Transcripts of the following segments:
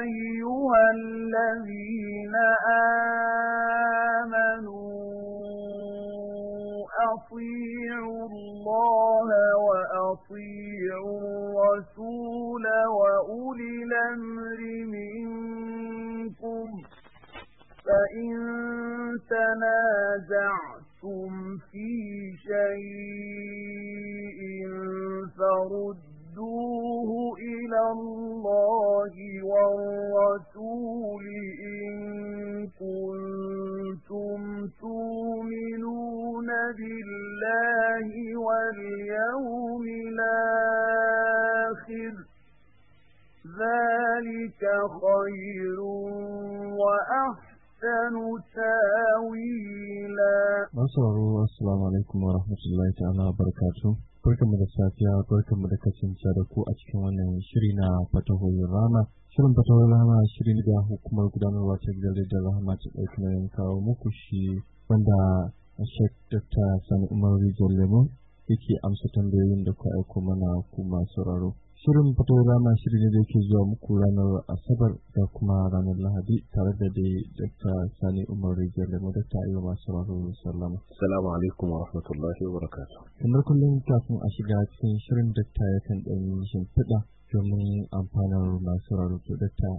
أَيُّهَا الَّذِينَ آمَنُوا أَطِيعُوا اللَّهَ وَأَطِيعُوا الرَّسُولَ وَأُولِي الْأَمْرِ مِنكُمْ فَإِن تَنَازَعْتُمْ فِي شَيْءٍ فرد اللَّهِ وَالرَّسُولِ إِن كُنتُمْ تُؤْمِنُونَ بِاللَّهِ وَالْيَوْمِ الْآخِرِ ذَلِكَ خَيْرٌ وَأَحْسَنُ تَأْوِيلًا. السلام عليكم ورحمة الله تعالى وبركاته. Barkanmu da safiya, barkanmu da kasance da ku a cikin wannan shiri na fatahoyin rama. Shirin fatahoyin rama shiri ne da hukumar gudanarwa ta gidan da rahama ta ɗauki nauyin kawo muku shi wanda Sheikh Dr. Sani Umar Rijal Lemon yake amsa tambayoyin da ku aiko mana ku masu sauraro. Shirin fito ma shirin da yake zuwa muku ranar Asabar da kuma ranar Lahadi tare da dai Dr. Sani Umar Rijiyar da mada ta Ayyuwa masu rahoto sallama. Salamu alaikum wa rahmatullahi wa barakatu Kamar kullum kafin a shiga cikin shirin dakta ya kan ɗan fiɗa domin amfanar masu da dakta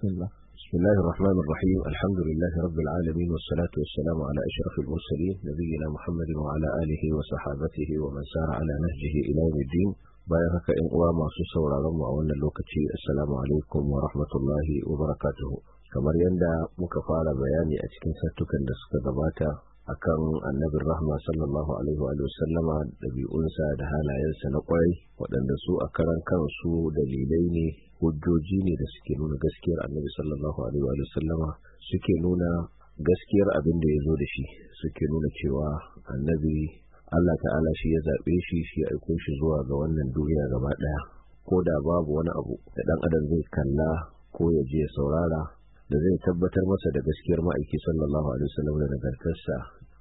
sallah. بسم الله الرحمن الرحيم الحمد لله رب العالمين والصلاة والسلام على أشرف المرسلين نبينا محمد وعلى آله وصحابته ومن سار على نهجه إلى يوم الدين bayan haka yan uwa masu sauraron mu a wannan lokaci assalamu alaikum wa rahmatullahi wa barakatuhu kamar yadda muka fara bayani a cikin sattukan da suka gabata akan annabin rahma sallallahu alaihi wa sallama ɗabi'unsa da halayensa na kwai waɗanda su a karan kansu dalilai ne hujjoji ne da suke nuna gaskiyar annabi sallallahu alaihi wa sallama suke nuna gaskiyar abin da ya zo da shi suke nuna cewa annabi Allah ta'ala shi ya zaɓe shi shi ya aiko shi zuwa ga wannan duniya gaba ɗaya ko da babu wani abu da ɗan adam zai kalla ko ya je saurara da zai tabbatar masa da gaskiyar ma'aiki sallallahu alaihi wasallam da nagartarsa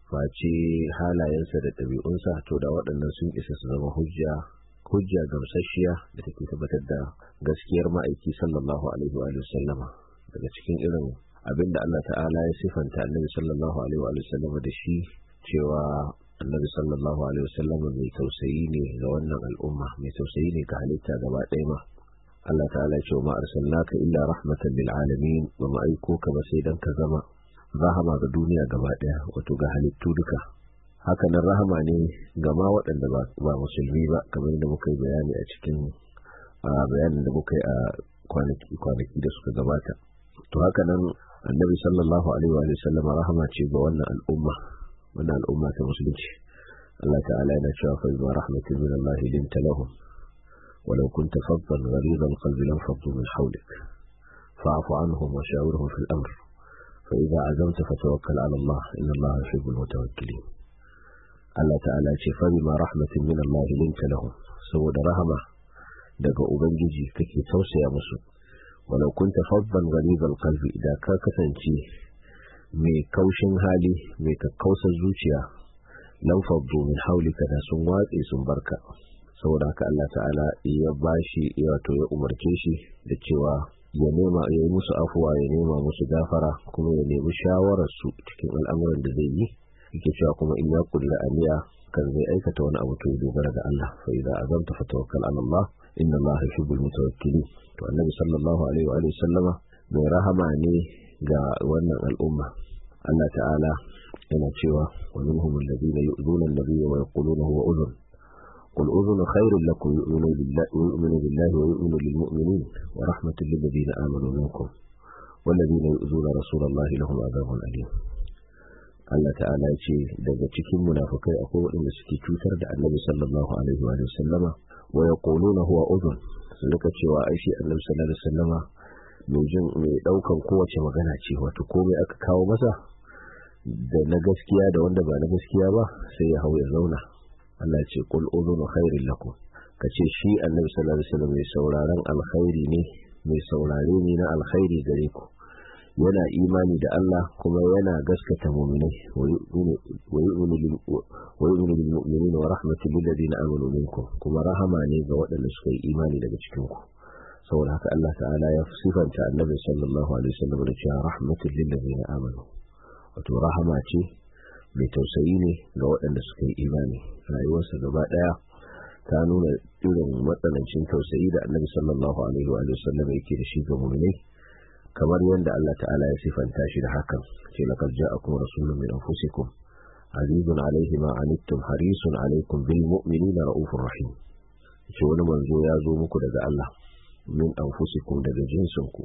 face halayensa da ɗabi'unsa to da waɗannan sun isa su zama hujja hujja gamsasshiya da take tabbatar da gaskiyar ma'aiki sallallahu alaihi wa daga cikin irin abin da Allah ta'ala ya sifanta annabi sallallahu alaihi wa da shi cewa annabi sallallahu alaihi wasallam mai tausayi ne ga wannan al'umma mai tausayi ne ga halitta gaba ɗaya ma Allah ta'ala ya ce ma arsalnaka illa rahmatan lil alamin wa ma aiko ka ba sai dan ka zama rahama ga duniya gaba ɗaya wato ga halittu duka haka nan rahama ne ga ma waɗanda ba musulmi ba kamar yadda muka yi bayani a cikin bayanin da muka yi a kwanaki da suka gabata to haka nan annabi sallallahu alaihi wa sallama rahama ce ga wannan al'umma wannan al'umma ta musulunci Allah ta'ala yana cewa fa bi rahmatin min Allah linta lahum walau kunta faddan ghaliza al-qalbi lam faddu min hawlik fa'fu anhum wa shawirhum fil amr fa idza azamta fatawakkal 'ala Allah inna Allah yuhibbul mutawakkilin Allah ta'ala ce fa bi rahmatin min Allah linta lahum saboda rahama daga ubangiji kake tausaya musu walau kunta faddan ghaliza al-qalbi idan ka kasance mai kaushin hali mai kakkausar zuciya lan fabdu min haulika da sun watse sun barka saboda haka Allah ta'ala ya bashi ya wato ya umarce shi da cewa ya nema ya yi musu afuwa ya nema musu gafara kuma ya nemi shawarar su cikin al'amuran da zai yi yake cewa kuma in ya kulla aliya kan zai aikata wani abu to ya dogara ga Allah fa idza azamta fatawakkal ala Allah inna Allah yuhibbul mutawakkilin to annabi sallallahu alaihi wa sallama mai rahama ne ga wannan al'umma Allah ta'ala yana cewa wa minhum alladhina yu'dhuna an-nabiyya wa yaquluna huwa udhun قل أذن خير لكم يؤمن بالله, يؤمن بالله ويؤمن للمؤمنين ورحمة للذين آمنوا منكم والذين يؤذون رسول الله لهم عذاب أليم Allah ta'ala ya ce daga cikin munafukai akwai waɗanda suke cutar da annabi sallallahu alaihi wa sallama wa yaquluna huwa udhun su rika cewa ai shi annabi sallallahu alaihi wa sallama mai mai daukan kowace magana ce wato komai aka kawo masa da na gaskiya da wanda ba na gaskiya ba sai ya hau ya zauna Allah ce kul uzunu khairin lakum kace shi annabi sallallahu alaihi wasallam mai sauraron alkhairi ne mai saurare ne na alkhairi gare ku yana imani da Allah kuma yana gaskata mu'minai wani yu'minu bil mu'minina wa rahmatu lil ladina amanu kuma rahama ne ga waɗanda suka yi imani daga cikin ku saboda haka Allah ta'ala ya sifanta annabi sallallahu alaihi wasallam da cewa rahmatul lil ladina amanu wato rahama ce mai tausayi ne ga waɗanda suka yi imani rayuwarsa gaba ɗaya ta nuna irin matsanancin tausayi da annabi sallallahu alaihi wa sallam yake da shi ga mu'minai kamar yadda Allah ta'ala ya sifanta shi da hakan ce laqad ja'akum rasulun min anfusikum azizun alaihi ma anittum harisun alaikum bil mu'minina raufur rahim ce wani manzo ya zo muku daga Allah min anfusikum daga jinsinku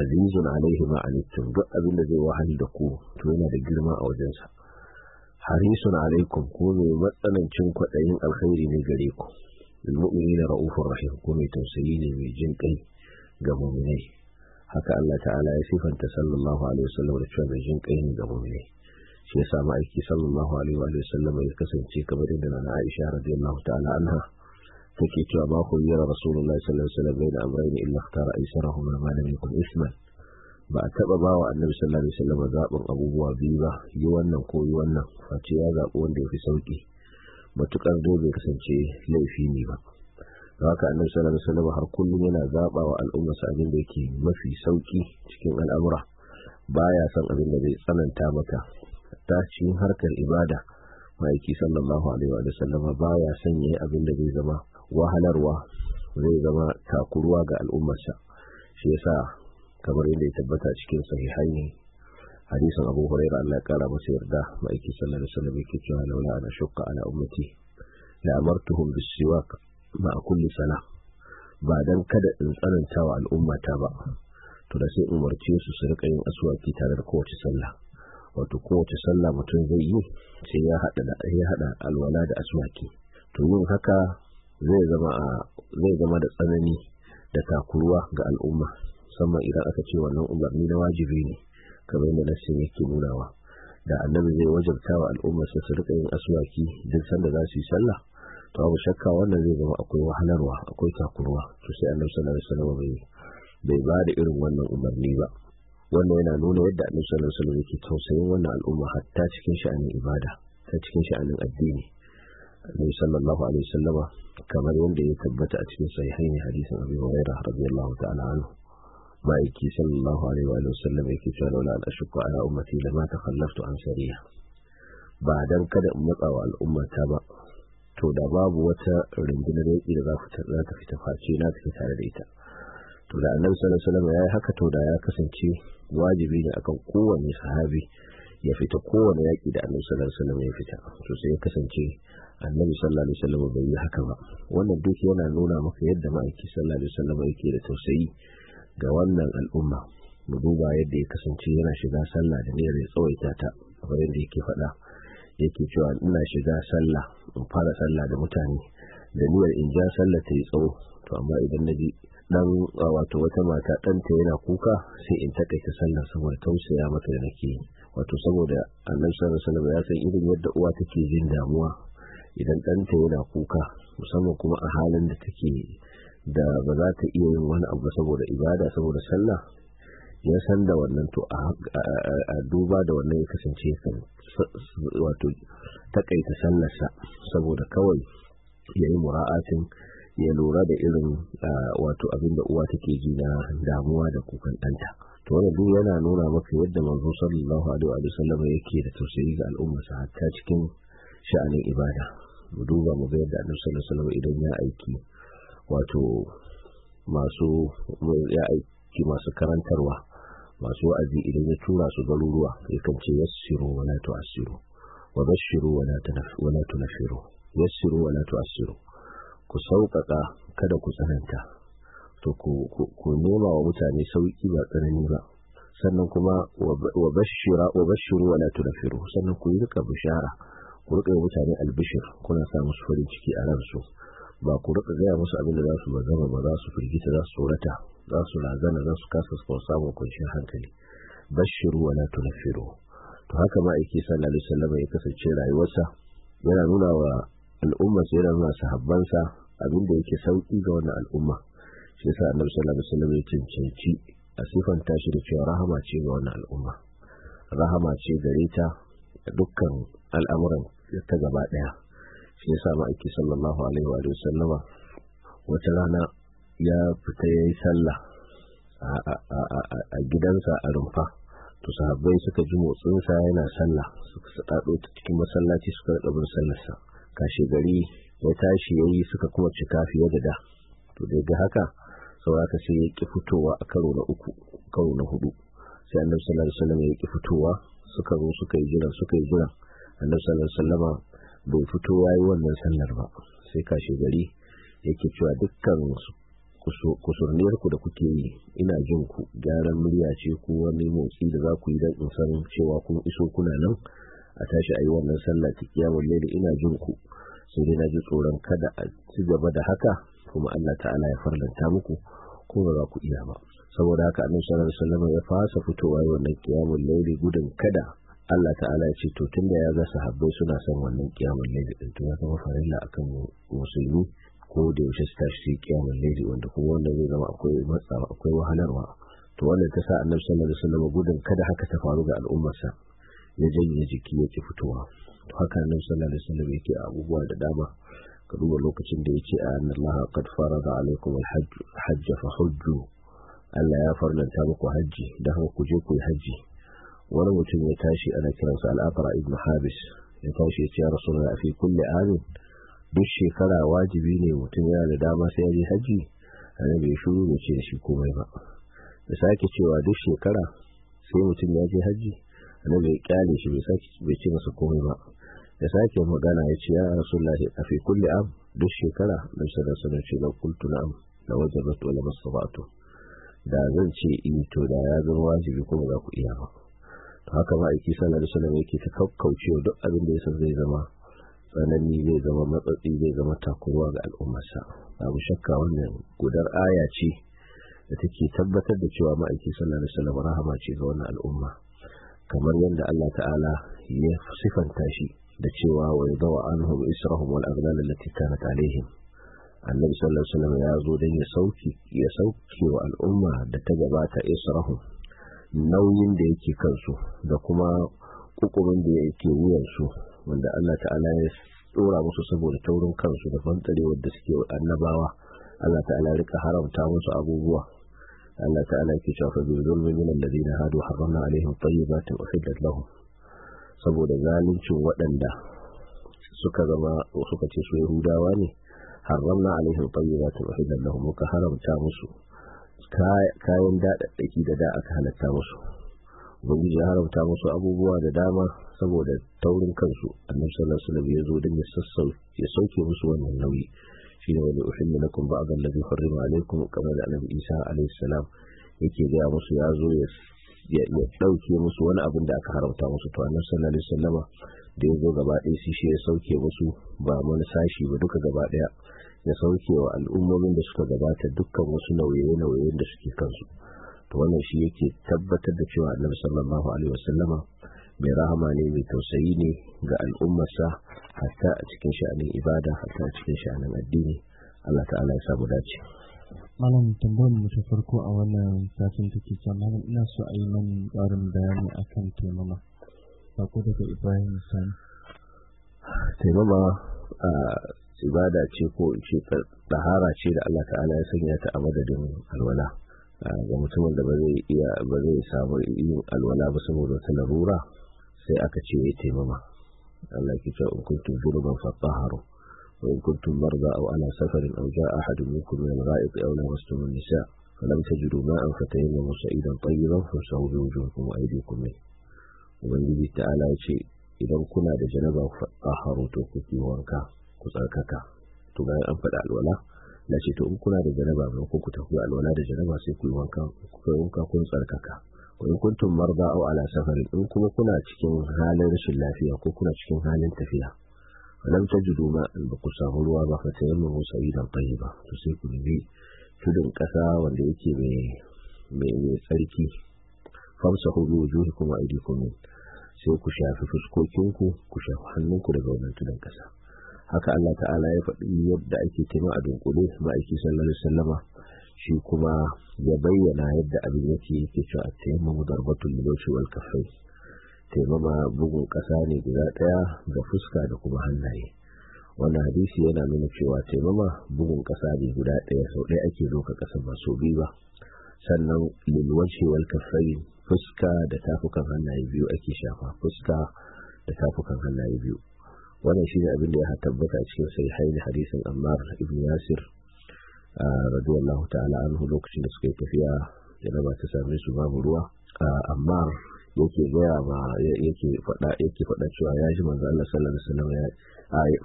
azizun alaihi ma anittum duk abin da zai wahal da ku to yana da girma a wajensa harisun alaikum ko mai matsanancin kwaɗayin alkhairi ne gare ku المؤمنين tausayi ne mai jin من ga muminai. haka Allah ta'ala ya sifanta sallallahu alaihi wasallam da cewa jin kai ne ga mu'mini shi yasa ma'aiki sallallahu alaihi wasallam ya kasance kamar yadda na Aisha radiyallahu ta'ala anha take cewa ba ku yira rasulullahi sallallahu alaihi wasallam da amrayni illa ikhtara aysarahuma ma lam yakun isman ba a taba ba wa annabi sallallahu alaihi wasallam zaɓin abubuwa biyu ba yi wannan ko yi wannan ce ya zaɓi wanda ya fi sauƙi matukar dole bai kasance laifi ne ba haka annabi sallallahu alaihi wasallam har kullum yana zaɓa wa al'umma abin da yake mafi sauƙi cikin al'amura baya son abin da zai tsananta mata ta cikin harkar ibada ma'aiki sallallahu alaihi wa sallam baya son yayi abin da zai zama wahalarwa zai zama takuruwa ga al'ummarsa shi yasa kamar yadda ya tabbata cikin sahihai ne hadisin abu hurairah Allah ya kara masa yarda ma'aikin sallallahu alaihi wasallam yake cewa laula ana shukka ala ummati la amartuhum bis ma kulli sana. ba dan kada in tsananta wa al'ummata ba to da sai umarci su su rika yin aswaki tare da kowace sallah wato kowace sallah mutum zai yi sai ya hada alwala da aswaki to yin haka zai zama da tsanani da takurwa ga al'umma musamman idan aka ce wannan umarni na wajibi ne kamar yadda nassin yake nunawa da annabi zai wajabta wa al'umma su su rika yin asuwaki duk sanda za su yi sallah to abu shakka wannan zai zama akwai wahalarwa akwai takurwa to sai annabi sallallahu alaihi wasallam bai ba da irin wannan umarni ba wannan yana nuna yadda annabi sallallahu alaihi wasallam yake tausayin wannan al'umma hatta cikin sha'anin ibada ta cikin sha'anin addini ne sallallahu kamar yadda ya tabbata a cikin sahihaini hadisin Abi Hurairah radiyallahu ta'ala anhu ma'aiki sallallahu alaihi wa sallam yake cewa laula an ashqa ala ummati lama takhallaftu an shari'a ba dan kada in matsa al'ummata ba to da babu wata rundunar yaki da za ta fita face na ta tare da ita to da annabi sallallahu alaihi wasallam yayi haka to da ya kasance wajibi ne akan kowane sahabi ya fita kowane yaƙi da annabi sallallahu alaihi wasallam ya fita to sai ya kasance annabi sallallahu alaihi wasallam bai yi haka ba wannan duk yana nuna maka yadda ma'aiki sallallahu alaihi wasallam yake da tausayi ga wannan al'umma mu duba yadda ya kasance yana shiga sallah da niyyar ya tsawaita ta kamar yadda yake faɗa yake cewa ina shiga sallah in fara sallah da mutane da niyyar in ja sallah ta yi tsawo to amma idan na ji dan wato wata mata ɗanta yana kuka sai in takaita sallah saboda tausaya mata da nake yi wato saboda annan sallallahu sanar ya san irin yadda uwa take jin damuwa idan ɗanta yana kuka musamman kuma a halin da take da ba za ta iya yin wani abu saboda ibada saboda sallah ya san da wannan to a duba da wannan ya kasance kan wato takaita sallarsa saboda kawai ya yi mura'atin ya lura da irin wato abin da uwa take ji na damuwa da kukan ɗanta to wannan duk yana nuna maka yadda manzo sallallahu alaihi wa sallam yake da tausayi ga al'umma sa hatta cikin sha'anin ibada mu duba mu ga yadda annabi sallallahu alaihi wa sallam idan ya aiki wato masu ya aiki masu karantarwa masu wa'azi idan ya tura su garuruwa yakan ce yassiru wala tu'assiru wa bashiru wala yassiru wala tu'assiru ku sauƙaƙa kada ku tsananta to ku nema wa mutane sauki ba tsanani ba sannan kuma wa bashira wa bashiru wala tunafiru sannan ku yi rika bishara ku rika mutane albishir kuna sa musu farin ciki a ransu ba ku rika gaya musu abin da za su magana ba za su firgita za su tsorata za su razana za su kasa su samun kunshin hankali bashiru wala tunafiru to haka ma yake sallallahu alaihi wasallam ya kasance rayuwarsa yana nuna wa al'umma sai yana nuna habbansa abin da yake sauki ga wannan al'umma shi sa annabi sallallahu alaihi wasallam ya cancanci a sifanta shi da cewa rahama ce ga wannan al'umma rahama ce gare ta dukkan al'amuran da ta gaba daya shi yasa ma'aiki sallallahu alaihi wa sallama wata rana ya fita yayi sallah a gidansa a rumfa to sahabbai suka ji motsin sa yana sallah suka sadado ta cikin masallaci suka rada bin sallarsa kashi gari ya tashi yayi suka kuma cika fiye da da to daga haka sauraka sai ya ki fitowa a karo na uku karo na hudu sai annabi sallallahu alaihi wasallam ya ki fitowa suka zo suka yi jira suka yi jira annabi sallallahu alaihi wasallam bai fito yayi wannan sallar ba sai kashe gari yake cewa dukkan kusurniyar ku da kuke yi ina jin ku gyaran murya ce ko wani motsi da za ku yi don in san cewa kun iso kuna nan a tashi a yi wannan sallah ta kiyamar ina jin ku sai dai na ji tsoron kada a ci gaba da haka kuma Allah ta'ala ya farlanta muku ko ba ku iya ba saboda haka annabi sallallahu alaihi wasallam ya fasa fitowa yayin wannan kiyamul laili gudun kada Allah ta'ala ya ce to tunda ya ga sahabbai suna son wannan kiyamul laili din to ya zama farilla akan musulmi ko da yaushe su tashi su kiyamul laili wanda kuma wanda zai zama akwai matsawa akwai wahalarwa to wannan ta sa annabi sallallahu alaihi wasallam gudun kada haka ta faru ga al'ummarsa ya janye jiki yake fitowa to haka annabi sallallahu alaihi wasallam yake abubuwa da dama ka duba lokacin da ya ce a annan laha kad fara da alaikum hajji fa hujju Allah ya farlanta muku hajji da haka ku je ku yi hajji wani mutum ya tashi ana kiransa al'afara ibn habis ya tashi ya ce ya rasu na fi kulle amin duk shekara wajibi ne mutum yana da dama sai ya je hajji nan ya shuru bai ce da shi komai ba da sake cewa duk shekara sai mutum ya je hajji nan ya kyale shi bai ce masa komai ba ya sake magana ya ce ya suna a fi kulli am duk shekara mai sanar sanar ce na kultu na am da wajen rato na masabatu da zan ce in e, to da ya zama wajibi kuma za ku iya ba to haka ba aiki sanar da sanar yake ta wa duk abin da ya san zai zama tsanani zai zama matsatsi zai zama takurwa ga al'ummarsa babu shakka wannan gudar aya ce da take tabbatar da cewa ma'aiki sallallahu alaihi wasallam rahama ce ga wannan al'umma kamar yadda Allah ta'ala ya sifanta shi da cewa wa yadawa anhum israhum wal aghlal allati kanat alaihim annabi sallallahu alaihi wasallam ya zo dan ya sauki ya sauke wa al'umma da ta gabata israhum nauyin da yake kansu da kuma kukurin da yake wuyansu wanda Allah ta'ala ya tsora musu saboda taurin kansu da fantarewar da suke annabawa Allah ta'ala rika haramta musu abubuwa Allah ta'ala yake cewa fa bi zulmin min alladhina hadu harramna alaihim tayyibati uhillat lahum saboda zaluncin waɗanda suka zama suka ce su yahudawa ne haramna alaihim tayyibatu uhiddat lahum muka haramta musu kayan dadaddaki da da aka halatta musu ubangiji ya haramta musu abubuwa da dama saboda taurin kansu annabi sallallahu alaihi wasallam ya zo don ya ya sauke musu wannan nauyi shi ne wani uhillu lakum ba'd allazi harrama alaikum kamar da annabi Isa alaihi salam yake ga musu ya zo ya ya dauke musu wani abin da aka harauta musu to annabi sallallahu alaihi wasallama da ya zo gaba ɗaya shi shi ya sauke musu ba wani sashi ba duka gaba ɗaya ya sauke wa al'ummomin da suka gabata dukkan wasu nauye-nauyen da suke kansu to wannan shi yake tabbatar da cewa annabi sallallahu alaihi wasallama mai rahama ne mai tausayi ne ga al'ummarsa hatta a cikin sha'anin ibada hatta a cikin sha'anin addini Allah ta'ala ya samu dace malam tambayar mu ta farko a wannan satin take ce malam ina so a yi mani ƙarin bayani akan taimama sako daga ibrahim sani taimama a ibada ce ko in ce ɗahara ce da allah ta'ala ya sanya ta a madadin alwala ga mutumin da ba zai iya ba samu yin alwala ba saboda wata larura sai aka ce ya taimama Allah ya ce in kuntum junuban haro. وإن كنتم مرضى أو على سفر أو جاء أحد منكم من الغائط أو لمستم النساء فلم تجدوا ماء فتيمموا سعيدا طيبا فامسحوا بوجوهكم وأيديكم منه ومن يريد تعالى شيء إذا كنا بجنبه فطهروا توكتي وانكا كسركاكا تبا أنفل الولا لا شيء تقول كنا بجنبه ونكون كتفوا الولاء بجنبه سيكون وانكا كسركاكا كسركاكا وإن كنتم مرضى أو على سفر إن كنا تشكين هالا رشل لا فيها وكنا تشكين هالا انت فيها lam tajidu ma'an ba ku samu ruwa ba fa tayammamu sa'idan tayyiba to sai ku nemi tudun kasa wanda yake mai mai tsarki famsahu bi wujuhikum wa aydikum sai ku shafi fuskokinku ku shafi hannunku daga wannan tudun ƙasa. haka Allah ta'ala ya faɗi yadda ake taimaka a dunkule ma'aiki sallallahu alaihi shi kuma ya bayyana yadda abin yake yake cewa a tayammamu darbatul wajhi wal kaffai taimama bugun ƙasa ne guda ɗaya ga fuska da kuma hannaye wannan hadisi yana nuna cewa taimama bugun ƙasa ne guda ɗaya sau ɗaya ake doka ƙasa masu biyu ba sannan lilwace wal kafai fuska da tafukan hannaye biyu ake shafa fuska da tafukan hannaye biyu wannan shine abin da ya tabbata cikin sahihain hadisin Ammar ibn Yasir radiyallahu ta'ala anhu lokacin da suka yi tafiya ba ta same su babu ruwa Ammar yake gaya ma yake faɗa yake faɗa cewa ya ji manzo Allah sallallahu alaihi wasallam ya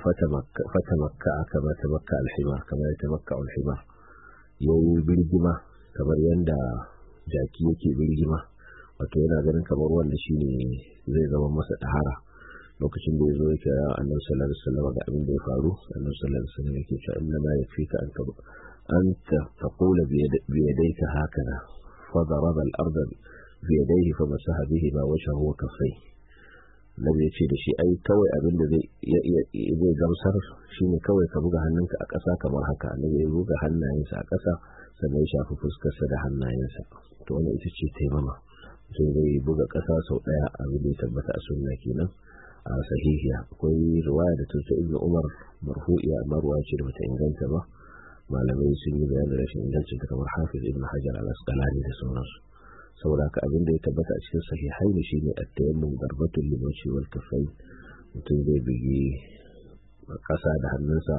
fata makka fata makka aka ta makka alhima kamar ta makka alhima yayi birgima kamar yanda jaki yake birgima wato yana ganin kamar wanda shine zai zama masa tahara lokacin da yazo yake ya annabi sallallahu alaihi wasallam ga abin da ya faru annabi sallallahu alaihi wasallam yake cewa inna ma yakfika an ta an taqula bi yadayka hakana fa daraba al-ardh biyadaihi fa masaha bihi ba wajhahu wa kaffayhi nabi ce da shi ai kawai abin da zai zai gamsar shine kawai ka buga hannunka a ƙasa kamar haka na ya buga hannayensa a ƙasa sannan ya shafi fuskarsa da hannayensa to wannan ita ce taimama sai zai buga ƙasa sau ɗaya abin da ya tabbata a sunna kenan a sahihiya akwai ruwaya da tuta ibnu umar marfu'iya marwa ce da bata inganta ba malamai sun yi bayanin rashin ingancin ta kamar hafiz ibnu hajar al-asqalani da sauransu saboda haka abin da ya tabbata a cikin sahihai ne shine at-tayammum darbatul limashi wal kafai mutum zai bigi kasa da hannunsa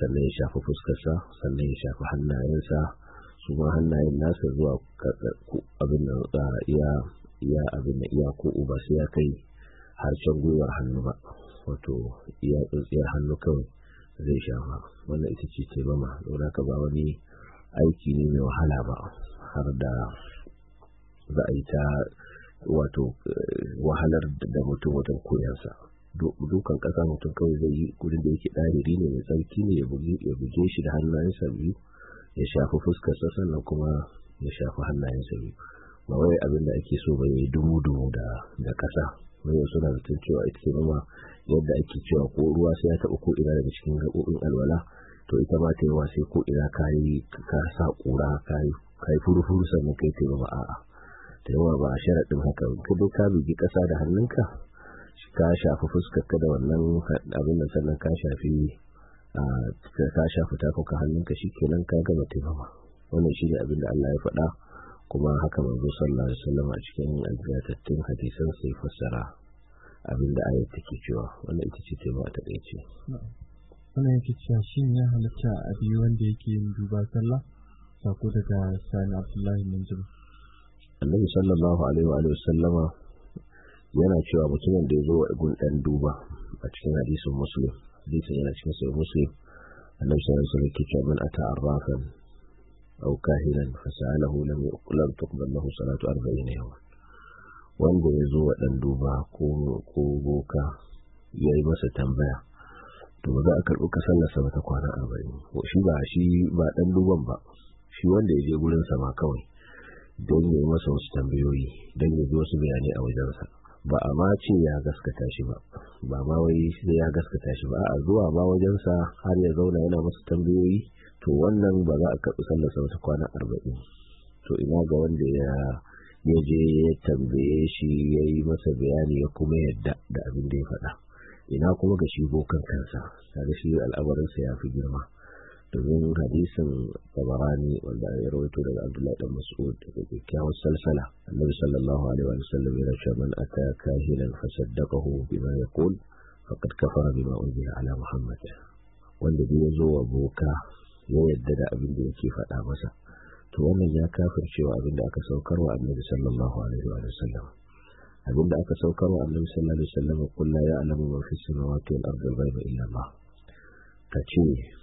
sannan ya shafi fuskarsa sannan ya shafi hannayensa su ma hannayen nasa zuwa abin da iya iya abin da iya ko uba sai ya kai harshen gwiwar hannu ba wato iya tsintsiyar hannu kawai zai shafa wannan ita ce taimama don haka ba wani aiki ne mai wahala ba har da za a yi ta wato wahalar da mutum wajen koyansa dukan ƙasa mutum kawai zai yi gudun da yake ɗariri ne mai tsarki ne ya buge shi da hannayensa biyu ya shafi fuskarsa sannan kuma ya shafi hannayensa biyu ba wai abin da ake so ba ya yi dumu-dumu da ƙasa wani suna zaton cewa ita ce noma yadda ake cewa ko ruwa sai ya taɓa ko'ina daga cikin gaɓoɓin alwala to ita bata ta yawa sai ko'ina ka yi ka sa ƙura ka yi furu-furu sannan kai ba a'a da yawa ba a sharaɗin haka ka ka bugi ƙasa da hannunka ka shafi fuskar ka da wannan abin da sannan ka shafi ka shafi kuka hannunka nan ka gama taimama wannan ne abin da Allah ya faɗa kuma haka manzo sallallahu alaihi wasallam a cikin aljatattun hadisan sai fassara abin da ayat take cewa wannan ita ce taimama ta ce. wannan yake cewa shi ne halitta a biyu wanda yake yin duba sallah sako daga sani abdullahi minjim annabi sallallahu alaihi wa sallama yana cewa mutumin da ya zo wa dan duba a cikin hadisin muslim hadisin yana cikin sai muslim annabi sallallahu alaihi wa sallam man ata arrafan aw kahilan fa sa'alahu lam yuqlam tuqbal lahu salatu 40 yawma wanda ya zo dan duba ko ko boka yayi masa tambaya to ba za a karɓi kasallarsa ba ta kwana arba'in ko shi ba shi ba ɗan duban ba shi wanda ya je gurinsa ma kawai don ya yi masa wasu tambayoyi don ya ji wasu bayani a wajensa ba a ma ce ya gaskata shi ba ba ma wai sai ya gaskata shi ba a zuwa ba wajensa har ya zauna yana masa tambayoyi to wannan ba za a karɓi sallarsa wata kwana arba'in to ina ga wanda ya ya je ya tambaye shi ya yi masa bayani ya kuma yadda da abin da ya faɗa ina kuma ga shi bokan kansa kaga shi al'amarinsa ya fi girma domin hadisin tabarani wanda ya rawaito daga abdullahi dan mas'ud daga kyakkyawar salsala annabi sallallahu alaihi wa sallam yana cewa man ata kahinan fa saddaqahu bima yaqul faqad kafara bima unzila ala muhammad wanda duk yazo wa boka ya yadda da abin da yake faɗa masa to wannan ya kafircewa abin da aka saukarwa annabi sallallahu alaihi wa sallam abin da aka saukarwa annabi sallallahu alaihi wa sallam kullu ya alamu ma fi samawati wal ardi ghaiba illa Allah ce.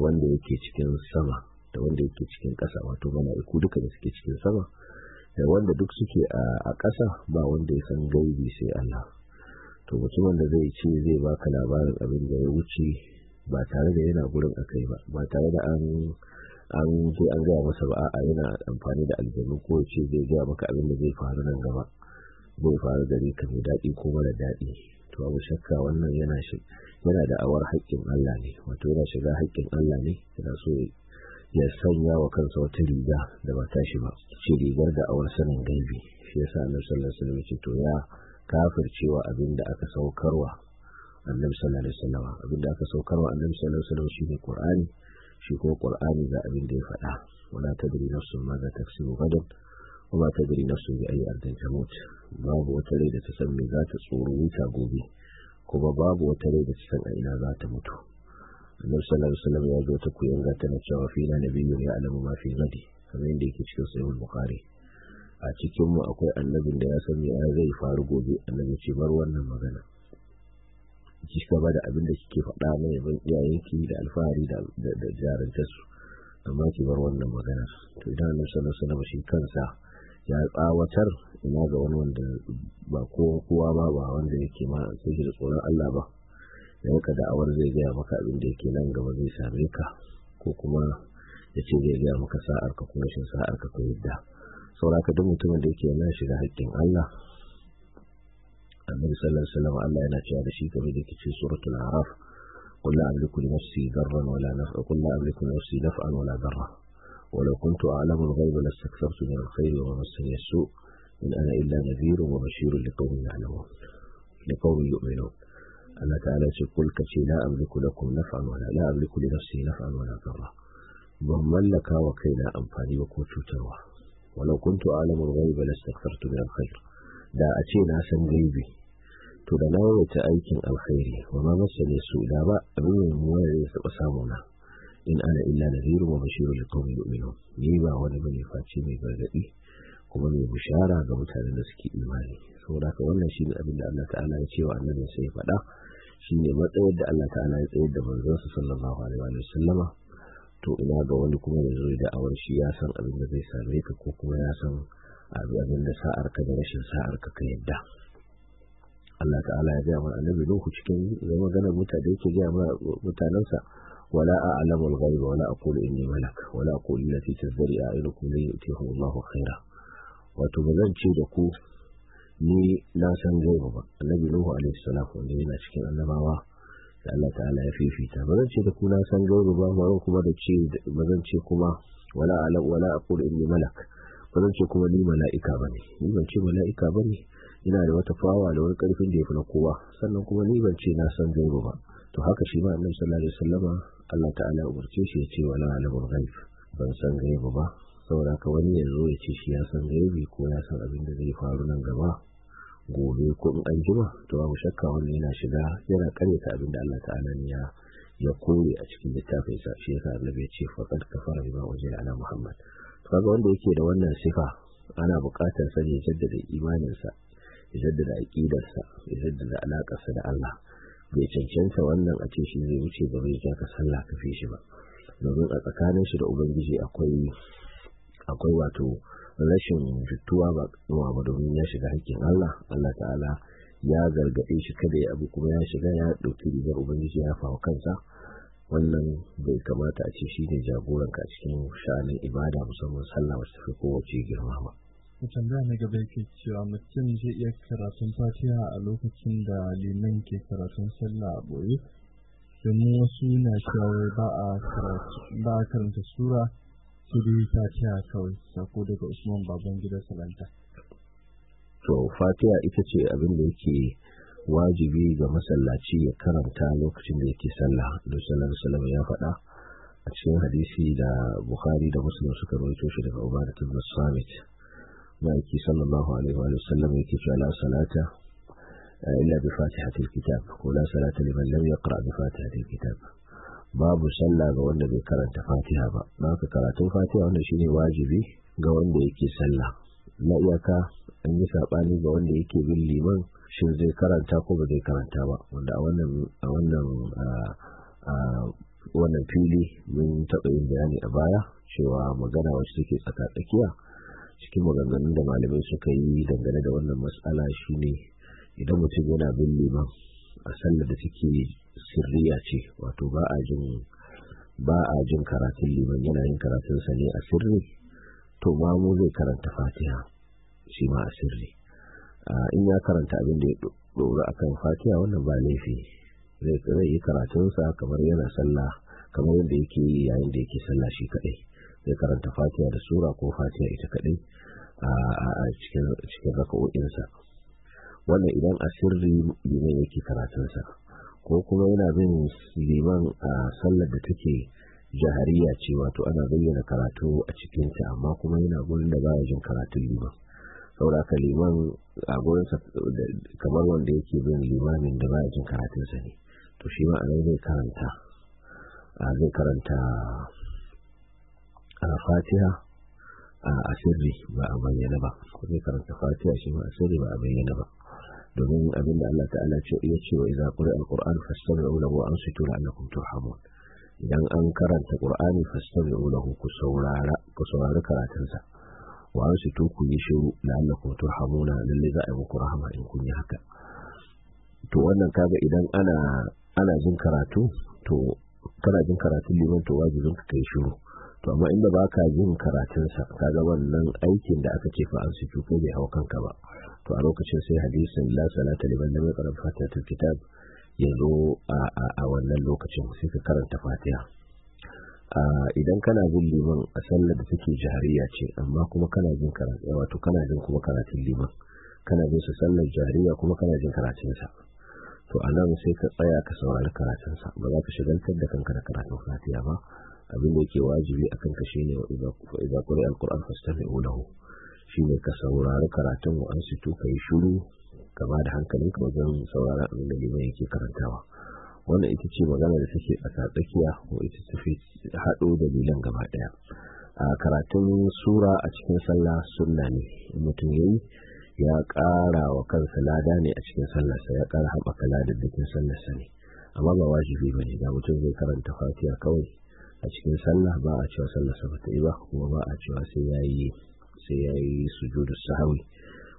wanda yake cikin sama da wanda yake cikin ƙasa wato mala'iku duka da suke cikin sama da wanda duk suke a ƙasa ba wanda ya san gaibi sai Allah to mutum wanda zai ce zai baka labarin abin da ya wuce ba tare da yana gurin akai ba ba tare da an an sai an gaya masa ba a yana amfani da aljanu ko ce zai gaya maka abin da zai faru nan gaba zai faru gare ka mai daɗi ko mara daɗi to abu shakka wannan yana shi yana da awar haƙƙin Allah ne wato yana shiga haƙƙin Allah ne yana so ya sanya wa kansa wata riga da ba tashi ba ce rigar da awar sanin gaibi shi yasa annabi sallallahu alaihi wasallam ce to ya kafircewa abin da aka saukarwa annabi sallallahu alaihi wasallam abin da aka saukarwa annabi sallallahu alaihi wasallam shine qur'ani shi ko qur'ani ga abin da ya faɗa wala tadri nafsun ma za ta kasibu gadan wa ma tadri nafsun bi ayi ardin tamut babu wata rai da ta san me za ta tsoro wuta gobe kuma babu wata rai da cikin a ina za ta mutu annabi sallallahu alaihi wasallam ya zo ta kuyanga na cewa fi na nabiyyu ya alamu ma fi gadi kamar yadda yake cikin sahih bukhari a cikin mu akwai annabin da ya san me zai faru gobe annabi ce bar wannan magana ki gaba da abin da kike faɗa na ban iyayenki da alfahari da jarantarsu amma ki bar wannan magana to idan annabi sallallahu alaihi wasallam shi kansa ya tsawatar ina ga wani wanda ba kowa kowa ba ba wanda yake ma sai da tsoron Allah ba da maka da'awar zai gaya maka abin da yake nan gaba zai same ka ko kuma ya ce zai gaya maka sa'ar ka kuma shi sa'ar ka ko yadda sauraka duk mutumin da yake na shiga haƙƙin Allah annabi sallallahu alaihi wasallam Allah yana cewa da shi kamar da kici suratul araf qul la amliku li nafsi darran wala naf'a qul la amliku li nafsi naf'an wala darra ولو كنت أعلم الغيب لاستكثرت من الخير وما مسني السوء إن أنا إلا نذير وبشير لقوم يعلمون لقوم يؤمنون أنا تعالى سيقول كسي لا أملك لكم نفعا ولا لا أملك لنفسي نفعا ولا ضرا اللهم لك وكي وكيل أنفاني وكوت تروى ولو كنت أعلم الغيب لاستغفرت من الخير لا أتي ناسا غيبي تلناوي تأيك الخير وما مسني السوء لا أبين موارث أسامنا إن أنا إلا نذير وبشير لقوم يؤمنون لي ما ولمن يفاتي من بدئه kuma mai bishara ga mutane da suke imani saboda haka wannan shine abin da Allah ta'ala ya ce wa annabi sai ya faɗa shine matsayar da Allah ta'ala ya tsayar da manzonsa sallallahu alaihi wa sallama to ina ga wani kuma da zai shi ya san abin da zai same ka ko kuma ya san abin da sa'ar ka da rashin sa'ar ka ka yadda Allah ta'ala ya ga wa annabi Nuhu cikin zama ganin mutane yake ga mutanansa mutanensa wala الغيب ولا ghaiba wala ملك ولا malak التي aqulu allati لي a'yunukum الله خيرا wato ba zan ce da ku ni na san gaiba ba annabi nuhu alaihi salatu wanda yana cikin annabawa da Allah ta'ala ya fifita ba zan ce da ku na san gaiba ba ba kuma da ce ba zan ce kuma wala ala wala aqulu inni malak ba zan ce kuma ni mala'ika bane ni ban ce mala'ika bane ina da wata fawa da wani karfin da yafi na kowa sannan kuma ni ban ce na san gaiba ba to haka shi ma annabi sallallahu alaihi wasallama Allah ta'ala ya umarce shi ya ce wala ala ghaib ban san gaiba ba saboda ka wani ya zo ya ce shi ya san gaibi ko ya san abin da zai faru nan gaba gobe ko in an jima to babu shakka wannan yana shiga yana karyata abin da Allah ta'ala ne ya ya kore a cikin littafin sa shi yasa annabi ya ce faqad kafara bima unzila ala muhammad to kaga wanda yake da wannan sifa ana buƙatar sa ne jaddada imanin sa ya jaddada aqidar sa ya jaddada alaƙar sa da Allah bai cancanta wannan a ce shi zai wuce ba zai ka sallah ka fi shi ba domin a tsakanin shi da ubangiji akwai akwai wato rashin jituwa ba kuma ba domin ya shiga hakkin Allah Allah ta'ala ya gargaɗe shi kada ya abu kuma ya shiga ya ɗauki rigar ubangiji ya fawa kansa wannan bai kamata a ce shi ne jagoranka a cikin sha'anin ibada musamman sallah wacce ta fi kowace girma ba. Mutum da na gaba yake cewa mutum zai iya karatun fatiha a lokacin da liman ke karatun sallah a boye domin wasu na shawarar ba a karanta sura sai ta ce kawai sako daga Usman baban gida Salanta. To Fatiha ita ce abin da yake wajibi ga masallaci ya karanta lokacin da yake sallah da sallar salama ya faɗa a cikin hadisi da Bukhari da Muslim suka rawaito shi daga Ubadah ibn Samit. Ma'aiki sallallahu alaihi wa sallam yake cewa la salata eh, illa bi fatihatil kitab ko la salata liman lam yaqra bi fatihatil kitab. babu sallah ga wanda bai karanta fatiha ba na haka karatun fatiha wanda shine wajibi ga wanda yake sallah na iyaka an yi saɓani ga wanda yake bin liman shi zai karanta ko ba zai karanta ba wanda a wannan a wannan wannan fili mun taɓa yin bayani a baya cewa magana wacce take tsaka tsakiya cikin maganganun da malamai suka yi dangane da wannan matsala shine idan mutum yana bin liman a sallar da suke sirriya ce wato ba a jin ba a jin karatun liman yana yin sa ne a sirri to ma mu zai karanta fatiha shi ma a sirri in ya karanta abin da ya dora akan fatiha wannan ba laifi zai zai yi karatun sa kamar yana sallah kamar yadda yake yi yayin da yake sallah shi kadai zai karanta fatiha da sura ko fatiha ita kadai a cikin cikin sa wannan idan a sirri liman yake sa? ko kuma yana bin liman a sallar da take jahariya ce wato ana bayyana karatu a cikinta amma kuma yana gurin da baya jin karatun liman ka liman a gurinsa kamar wanda yake bin limanin da baya jin karatunsa ne to shi ma anan zai karanta zai karanta a fatiha a asirri ba a bayyana ba zai karanta fatiha shi ma asirri ba a bayyana ba domin abin da Allah ta'ala ce ya ce wa idza qira al-qur'an fastami'u lahu wa ansitu la'allakum turhamun idan an karanta qur'ani fastami'u lahu ku saurara ku saurara karatunsa wa ansitu ku yi shiru la'allakum turhamun lalle za a yi muku rahama in kun yi haka to wannan kaga idan ana ana jin karatu to kana jin karatun liman to wajibin ka kai shiru to amma inda baka jin karatun karatunsa kaga wannan aikin da aka ce fa ansitu kai bai hau kanka ba to a lokacin sai hadisin la salata liman lam yaqra fatihatul kitab zo a wannan lokacin sai ka karanta fatiha idan kana bin liman a sallar da take jahariya ce amma kuma kana jin karatu wato kana jin kuma karatun liman kana jin sa sallar jahariya kuma kana jin karatun sa to anan sai ka tsaya ka saurari karatun sa ba za ka shigantar da kanka da karatun fatiha ba abin da yake wajibi akan ka shine wa idza alkur'an al fastami'u lahu ne ka saurari karatun wa an kayi yi shiru gaba da da hankalinka wajen sauraron abin da liman yake karantawa wannan ita ce magana da take a tsakiya ko ita tafi haɗo dalilan gaba ɗaya a karatun sura a cikin sallah sunna ne mutum yi ya ƙara wa kansa lada ne a cikin sallarsa ya ƙara haɓaka ladar cikin sallarsa ne amma ba wajibi ba ne da mutum zai karanta fatiya kawai a cikin sallah ba a cewa sallarsa ba ta yi ba kuma ba a cewa sai ya yi sai ya yi sujudu sahawi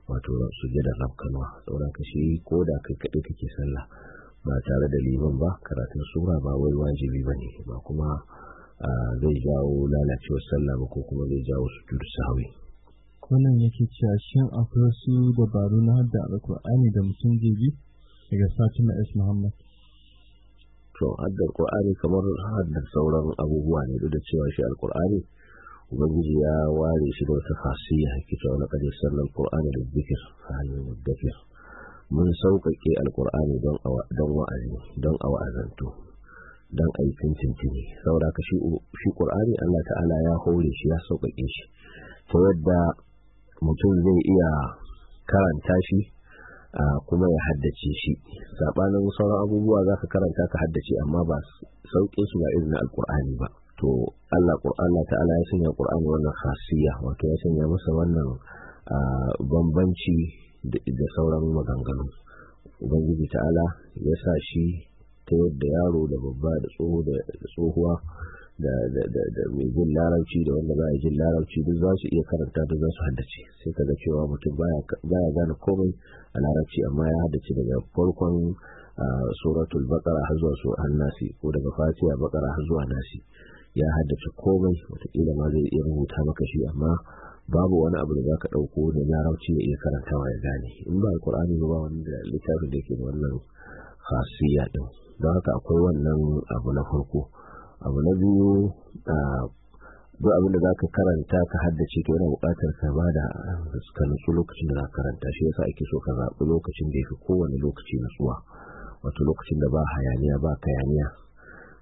wato da rafkanwa saboda ka shi ko da kai kaɗe kake sallah ba tare da liman ba karatun sura ba wai wajibi ba ne ba kuma zai jawo lalacewar sallah ba ko kuma zai jawo sujudu sahawi wannan yake cewa shin akwai wasu dabaru na hadda alkur'ani da mutum zai bi daga na s muhammad to haddar qur'ani kamar haddar sauran abubuwa ne duk da cewa shi alkur'ani ubangiji ya ware shi da wata fasiya hakika wani kare sannan qur'ani da zikir hanyar dakir mun sauƙaƙe alqur'ani don don wa'azi don awazanto don aikin tintini saboda ka shi ƙur'ani Allah ta'ala ya hore shi ya sauƙaƙe shi ta yadda mutum zai iya karanta shi kuma ya haddace shi sabanin sauran abubuwa zaka karanta ka haddace amma ba sauƙin su ba irin alqur'ani ba to Allah Allah ta'ala ya sanya Qur'ani wannan khasiyya wato ya sanya masa wannan bambanci da sauran maganganu ubangiji ta'ala ya sa shi ta yadda yaro da babba da tsoho da tsohuwa da mai jin larabci da wanda ba ya jin larabci duk za su iya karanta da za su haddace sai kaga cewa mutum baya gane komai a larabci amma ya haddace daga farkon suratul bakara har zuwa su nasi ko daga fatiha bakara har zuwa nasi ya haddace komai wataƙila ma zai iya rubuta maka shi amma babu wani abu da zaka ka ɗauko da larabci ya iya karantawa ya gane in ba alkur'ani ba wani da littafin da ke da wannan khasiyya ɗin don haka akwai wannan abu na farko abu na biyu a duk abin da za ka karanta ka haddace ta yana buƙatar ka ba da ka nutsu lokacin da za ka karanta shi yasa ake so ka zaɓi lokacin da ya fi kowane lokaci nutsuwa wato lokacin da ba hayaniya ba kayaniya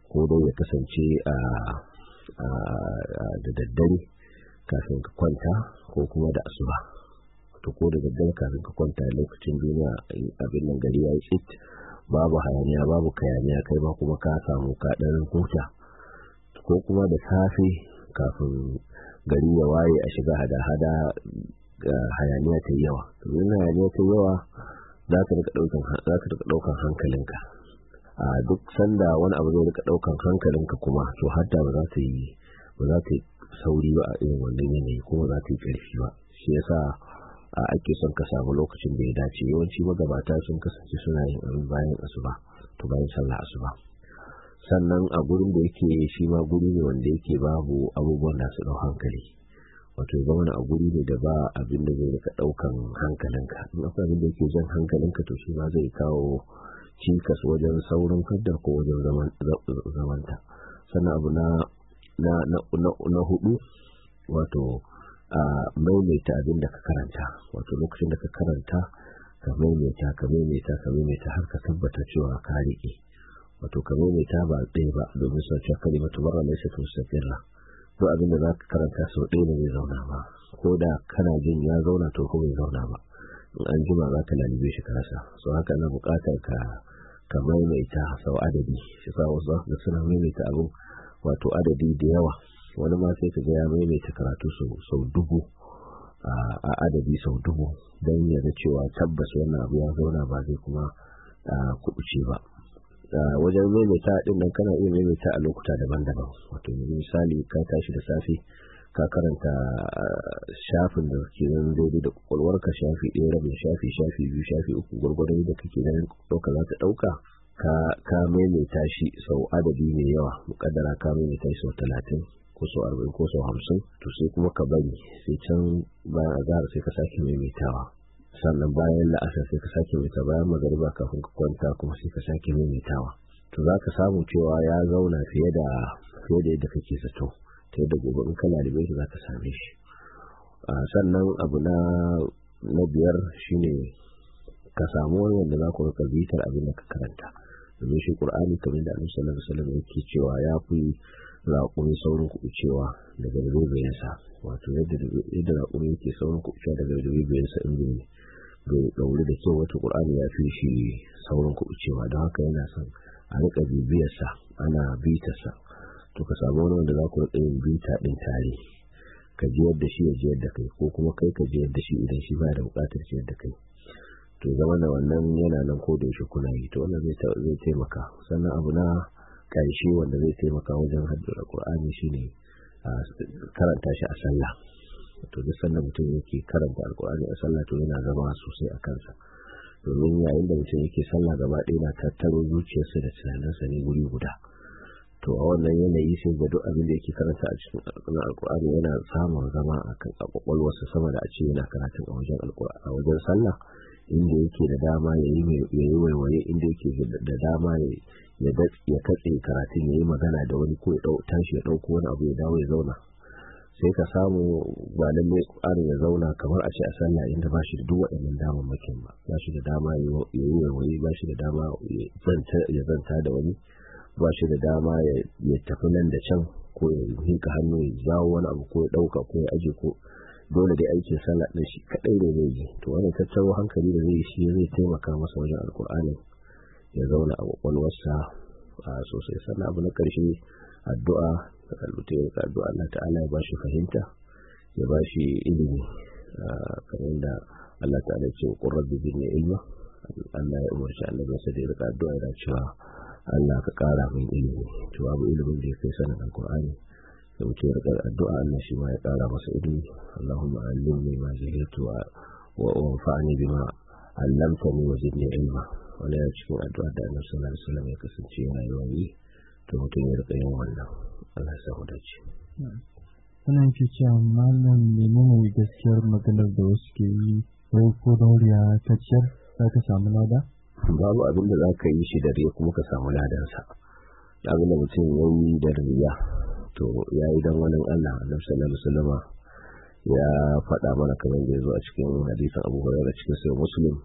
ko dai ya kasance a da daddare kafin ka kwanta ko kuma da asuba to ko da daddare kafin ka kwanta lokacin duniya abin nan gari ya yi tsit babu hayaniya babu kayaniya kai ba kuma ka samu ka dan huta ko kuma da safe kafin gari ya waye a shiga hada-hada hayaniya ta yawa domin hayaniya ta yawa za ka daga ɗaukan hankalinka a duk sanda wani abu zai rika daukan hankalinka kuma to hatta ba za ta yi ba za ta sauri ba a irin wannan yanayi kuma za ta yi ƙarfi ba shi yasa a ake son ka samu lokacin da ya dace yawanci magabata sun kasance suna yin abin bayan asuba to bayan sallah asuba sannan a gurin da yake shi ma guri ne wanda yake babu abubuwan da su dau hankali wato ya zama a guri ne da ba abin da zai rika daukan hankalinka in akwai abin da yake jan hankalinka to shi ma zai kawo cikas wajen saurin fadda ko wajen zamanta sannan abu na hudu wato a maimaita abin da ka karanta wato lokacin da ka karanta ka maimaita ka maimaita ka maimaita har ka tabbata cewa ka riƙe wato ka maimaita ba ɗaya ba domin ce cewa to barra mai sai tusa ko abin da za ka karanta sau ɗaya ne zauna ba ko da kana jin ya zauna to ko bai zauna ba an jima za ka lalibe shi kasa so haka na bukatar ka ka maimaita sau adadi shi sa wasu da suna maimaita abu wato adadi da yawa wani ma sai ka ga maimaita karatu sau dubu a adadi sau dubu don ya ga cewa tabbas wannan abu ya zauna ba zai kuma kubuce ba wajen maimaita din nan kana iya maimaita a lokuta daban-daban wato misali ka tashi da safe ka karanta eh, shafin da suke nan daidai da ka shafi ɗaya rabin shafi shafi biyu shafi uku gwargwadon da kake nan ɗauka za ta ɗauka ka maimaita shi sau adadi mai yawa mukaddara ka maimaita shi sau talatin ko sau arba'in ko sau hamsin to sai kuma ka bari sai can bayan azahar sai ka sake maimaitawa sannan bayan la'asar sai ka sake maimaita bayan magariba kafin ka kwanta kuma sai ka sake maimaitawa to za ka samu cewa ya zauna fiye da fiye da yadda kake zato ta yadda gobe in kana da shi za ka same shi sannan abu na na biyar shine ka samu wani wanda za ku rika bitar abin da ka karanta domin shi qur'ani kamar da annabi sallallahu alaihi wasallam yake cewa ya fi raƙumi saurin cewa daga rubayensa wato yadda raƙumi yake saurin cewa daga rubayensa in ne bai ɗauri da kyau wata ƙur'ani ya fi shi saurin cewa don haka yana son a riƙa bibiyarsa ana bitarsa to ka samu wani wanda za ku rika yin bita ɗin tare ka ji yadda shi ya ji da kai ko kuma kai ka ji yadda shi idan shi ba da buƙatar ji yadda kai to zama da wannan yana nan ko da yake kuna yi to wannan zai taimaka sannan abu na ƙarshe wanda zai taimaka wajen haddura ƙur'ani shine karanta shi a sallah to duk sannan mutum yake karanta alƙur'ani a sallah to yana zama sosai a kansa domin yayin da mutum yake sallah gaba ɗaya na tattaro zuciyarsa da tunaninsa ne guri guda to a wannan yanayi sai ga duk abin da yake karanta a cikin alkur'ani yana samun zama a kan kwakwalwarsa sama da a ce yana karatun a wajen alkur'ani a wajen sallah inda yake da dama ya yi waiwaye inda yake da dama ya katse karatun ya yi magana da wani ko ya tashi ya ɗauko wani abu ya dawo ya zauna sai ka samu ba lallai ƙwarin ya zauna kamar a ce a sallah inda ba shi da duk waɗannan makin ba ba shi da dama ya yi waiwaye ba shi da dama ya zanta da wani ba shi da dama ya tafi nan da can ko ya hinka hannu ya jawo wani abu ko ya ɗauka ko ya aje ko dole dai aikin sana ɗin shi kaɗai da zai yi to wani tattaro hankali da zai shi zai taimaka masa wajen alkur'ani ya zauna a kwakwalwarsa a sosai sannan abu na ƙarshe addu'a da kalbuta ya rika addu'a Allah ta'ala ya ba shi fahimta ya ba shi ilimi kamar da Allah ta'ala ya ce wa qurrabbi bi ilma Allah ya umarci annabi sa da ya rika addu'a yana cewa Allah ka kara min ilimi to babu ilimin da ya kai sanin alqur'ani da mutum ya rika addu'a Allah shi ma ya kara masa ilimi Allahumma allimni ma jahiltu wa wanfa'ni bima allamtani wa zidni ilma wala ya cikin addu'a da annabi sallallahu alaihi wasallam ya kasance yana yi wani to mutum ya rika yin wannan Allah ya samu dace sanan ke cewa malam menene gaskiyar maganar da wasu ke yi ko dauriya ta ciyar za ka samu lada? babu abin da za ka yi shi da riya kuma ka samu ladansa da abin mutum ya yi da riya to ya yi don wani allah na sallallahu musulma ya faɗa mana kamar da zo a cikin hadisin abu hurairah cikin sahih muslim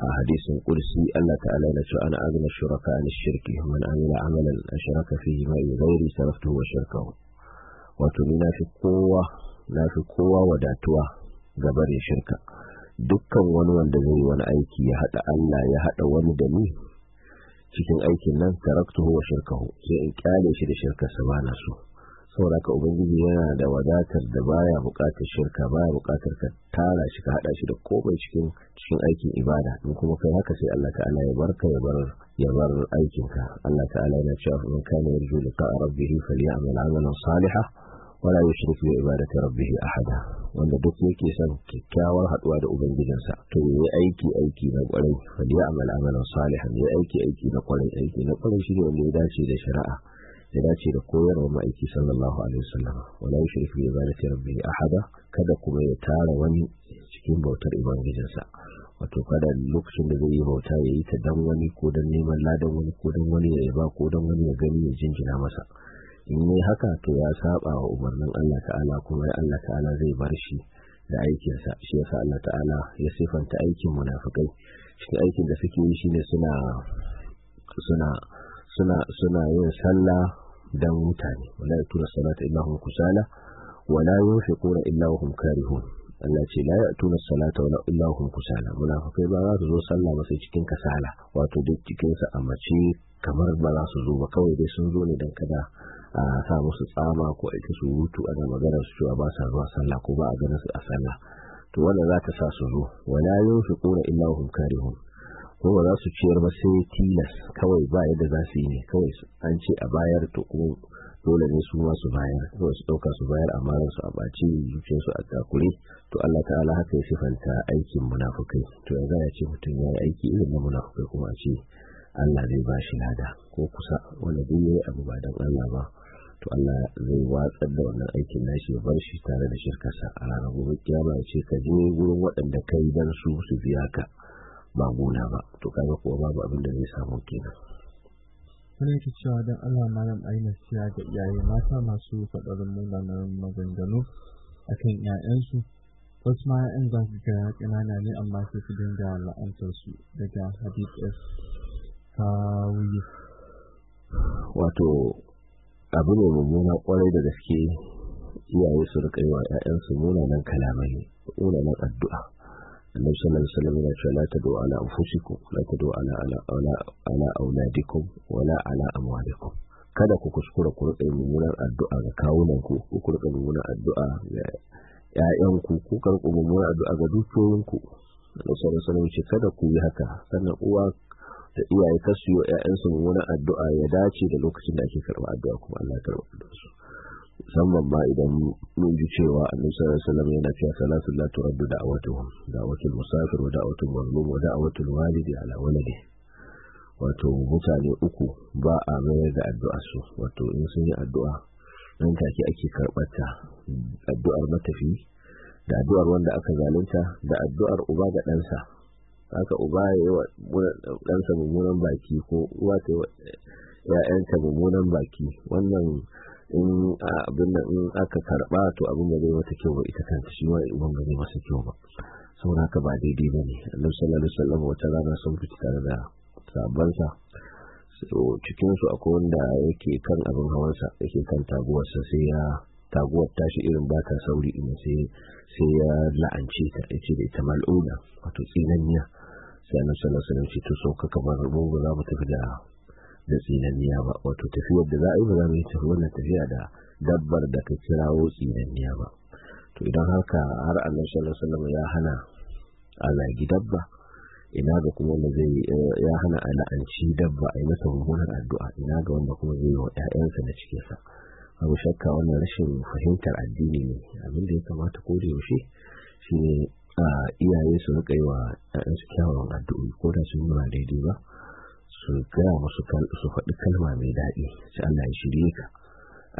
a hadisin kursi Allah ta'ala ya ce ana agina shuraka an shirki man amila amalan ashraka fihi ma ghairi saraftuhu wa shirkahu wato ni na fi kowa na fi kowa wadatuwa gabarin shirka dukkan wani wanda zai yi wani aiki ya haɗa Allah ya haɗa wani da ni cikin aikin nan taraktuhu wa shirkahu sai in kyale shi da shirkar sa bana so saboda ka ubangiji yana da wadatar da baya buƙatar shirka baya buƙatar ka tara shi ka haɗa shi da komai cikin cikin aikin ibada in kuma kai haka sai Allah ta'ala ya barka ya bar ya bar aikin ka Allah ta'ala yana cewa in kana yarju liqa rabbih falyamal amalan salihan wala yushriku bi ibadati rabbih ahada wanda duk yake son kyakkyawar haduwa da ubangijinsa to yayi aiki aiki na kwarai fa ya amal amalan salihan yayi aiki aiki na kwarai aiki na kwarai shi ne wanda ya dace da shari'a ya dace da koyarwa ma'aiki sallallahu alaihi wasallam wala yushriku bi ibadati rabbih ahada kada kuma ya tara wani cikin bautar ubangijinsa wato kada lokacin da zai yi bauta ya yi ta dan wani ko dan neman ladan wani ko dan wani ya yaba ko dan wani ya gani ya jinjina masa in yi haka to ya saba wa umarnin Allah ta'ala kuma ya Allah ta'ala zai bar shi da aikinsa shi yasa Allah ta'ala ya sifanta aikin munafikai shi aikin da suke yi shine suna suna suna suna yin sallah dan mutane wala yatura salata illa hum kusala wala yunfiquna illa hum karihun Allah ce la yatuna salata wala illa hum kusala munafikai ba za su zo sallah ba sai cikin kasala wato duk cikin sa a mace kamar ba za su zo ba kawai dai sun zo ne dan kada a sa musu tsama ko a ita surutu ana magana su cewa ba sa zuwa sallah ko ba a gana su a sallah to wannan za ta sa su zo wala yunfiquna illa hum karihun ko ba za su ciyar ba sai tilas kawai ba yadda za su yi ne kawai an ce a bayar to ko dole ne su ma su bayar kawai su dauka su bayar amma su a baci zuciyar su a takure to Allah ta'ala haka ya sifanta aikin munafukai to yanzu ya ce mutum ya yi aiki irin na munafukai kuma ce Allah zai ba shi lada ko kusa wanda duk yayi abu ba dan Allah ba to Allah zai watsar da wannan aikin nashi ya bar shi tare da shirkarsa a ranar gobe kiyama ya ce ka je gurin waɗanda kai dan su su biya ka ba gona ba to kaga kuwa babu abin da zai samu kenan wani yake cewa don Allah malam ayi nasiha ga iyaye mata masu faɗar munanan maganganu a kan 'ya'yansu wasu ma 'ya'yan za su ga ƙanana ne amma sai su dinga la'antar su daga hadith s kawuyi wato abu ne mummuna kwarai da gaske iyaye su rika yi wa ƴaƴansu munanan kalamai munanan addu'a annabi sallallahu alaihi wasallam yana cewa la tad'u ala anfusikum la tad'u ala ala ala auladikum wala ala amwalikum kada ku kuskura ku rika mummunar addu'a ga kawunan ku ku rika mummunar addu'a ga ƴaƴan ku ku kan ku mummunar addu'a ga dukiyoyin ku annabi sallallahu alaihi wasallam ce kada ku yi haka sannan uwa da iyaye su yi wa 'ya'yansu wani addu'a ya dace da lokacin da ake karɓa addu'a kuma Allah ya karɓa su musamman ma idan mun ji cewa annabi sallallahu alaihi wasallam yana cewa salatu la turaddu da'watuhum da'watul musafir wa da'watul mazlum wa da'watul walidi ala waladi wato mutane uku ba a mayar da addu'ar su wato in sun yi addu'a nan take ake karɓarta addu'ar matafi da addu'ar wanda aka zalunta da addu'ar uba ga ɗansa haka uba ya yi wa ɗansa mummunan baki ko uwa ta eh, ‘ya'yanta mummunan baki wannan in abin da in aka karɓa to abin da zai wata kyau ba ita kanta shi wani uban ba zai masa kyau ba sau haka ba daidai ba ne annabi sallallahu alaihi wasallam wata rana sun fi tare da sabansa cikin su akwai wanda yake kan abin hawansa yake kan taguwarsa sai ya taguwar tashi irin ba ta sauri ina sai ya la'ance ta ya ce da ita mal'una wato tsinanniya sai na sallallahu ce ta sauka kamar rogo za mu tafi da da tsinanniya ba wato tafiyar da za a yi ba za mu yi tafi wannan tafiya da dabbar da ka kira kirawo tsinanniya ba to idan haka har annabi sallallahu alaihi ya hana a dabba ina ga kuma wanda zai eh, ya hana a la'anci dabba a yi masa mummunar addu'a ina ga wanda kuma zai yi wa 'ya'yansa da cikinsa abu shakka wannan rashin fahimtar addini ne abin da ya kamata ko da yaushe shine iyaye su rika yi wa su kyawun addu'o'i ko da sun nuna daidai ba su gaya musu su faɗi kalma mai daɗi sai Allah ya shirye ka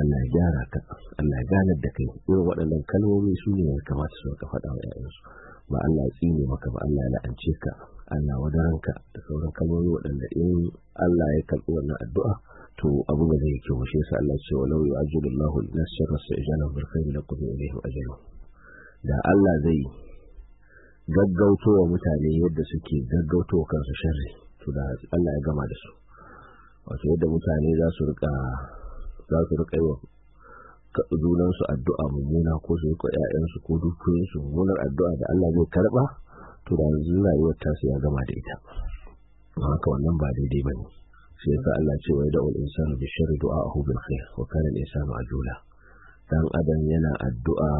Allah ya gyara ka Allah ya ganar da kai irin waɗannan kalmomi su ne ya kamata su ka faɗa wa ƴaƴansu ba Allah ya tsine maka ba Allah ya la'ance ka Allah ka, da sauran kalmomi waɗanda in Allah ya karɓi wannan addu'a to abu ba zai kyau shi yasa Allah ya ce walau yu'ajjilu Allahu lin sharra sa'ijana bil khayri laqad ilayhi ajruhum da Allah zai wa mutane yadda suke gaggautowa kansu sharri to da Allah ya gama da su wato yadda mutane za su rika za su rika yi wa junansu addu'a mummuna ko su rika ƴaƴansu ko su mummunar addu'a da Allah zai karba to da yanzu rayuwar tasu ya gama da ita haka wannan ba daidai bane sai ka Allah ce wa da'ul insanu bi sharri a bil khair wa kana al insanu ajula dan adam yana addu'a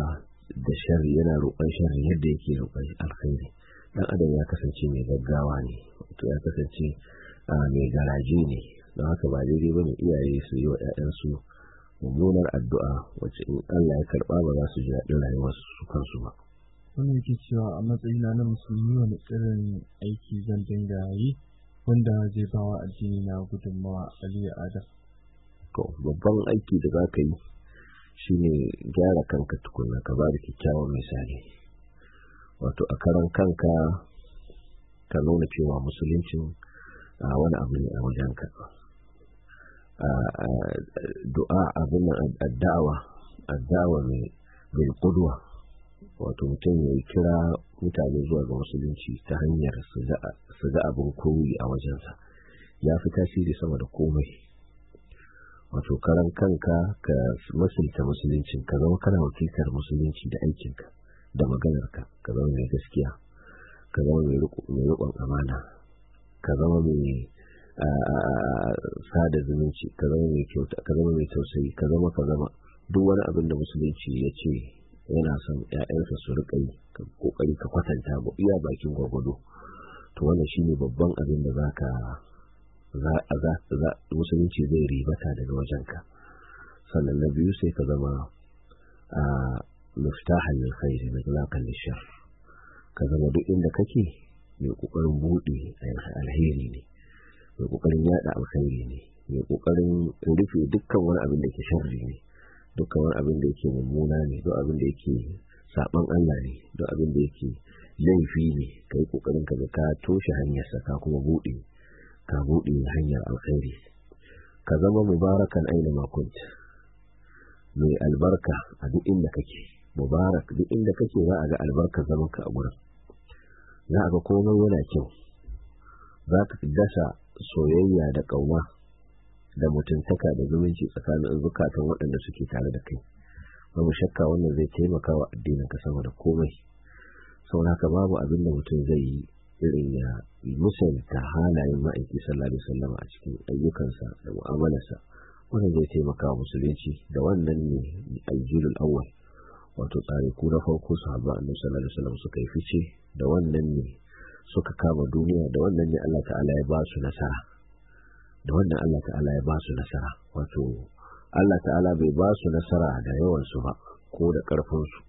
da sharri yana roƙon sharri yadda yake roƙon alkhairi dan adam ya kasance mai gaggawa ne wato ya kasance mai garaje ne don haka ba daidai bane iyaye su yi wa 'ya'yansu mummunar addu'a wacce in Allah ya karɓa ba za su ji daɗin rayuwarsu su kansu ba wani yake cewa a matsayin na musulmi wani irin aiki zan dinga yi wanda zai bawa addini na gudunmawa aliyu adam to babban aiki da za ka yi ne gyara kanka tukuna ka ba da kyakkyawan misali wato a karan kanka ka nuna cewa musuluncin wani abu ne a wajenka du'a abin addawa addawa mai bil qudwa wato mutum ya kira mutane zuwa ga musulunci ta hanyar su ga abin koyi a wajensa ya fi tasiri sama da komai wato karan kanka ka musulta musuluncin ka zama kana wakiltar musulunci da aikinka da maganarka ka zama mai gaskiya ka zama mai riƙon amana ka zama mai sada zumunci ka zama mai kyauta ka zama mai tausayi ka zama ka zama duk wani abin da musulunci ya ce yana son 'ya'yansa su riƙa yi ka kokari ka kwatanta ba iya bakin gwagwado to wannan shine babban abin da zaka za a za za musulunci zai ribata daga wajenka sannan na biyu sai ka zama a muftahan lil khairi mutlaqan lil shar ka zama duk inda kake mai kokarin bude alheri ne mai kokarin yada alheri ne mai kokarin rufe dukkan wani abin da ke sharri ne dukkan wani abin da yake mummuna ne duk abin da yake saban Allah ne duk abin da yake laifi ne kai kokarin ka ga ka toshe hanyar sa ka kuma bude ka buɗe hanyar alkhairi ka zama mubarakan aina makunt mai albarka a duk inda kake mubarak duk inda kake za a ga albarka zaman ka a gurin za a ga komai yana kyau za ka dasa soyayya da ƙauna da mutuntaka da zumunci tsakanin zukatan waɗanda suke tare da kai mu shakka wannan zai taimaka wa addinin ka sama da komai sau haka babu abin da mutum zai yi irin ya musanta halayen ma'aiki sallallahu alaihi wasallam a cikin ayyukansa da mu'amalarsa wannan zai taimaka wa musulunci da wannan ne aljilul awwal wato tsare ku na farko sahabba annabi sallallahu alaihi wasallam suka yi fice da wannan ne suka kama duniya da wannan ne Allah ta'ala ya ba su nasara da wannan Allah ta'ala ya ba su nasara wato Allah ta'ala bai ba su nasara da yawan su ba ko da karfin su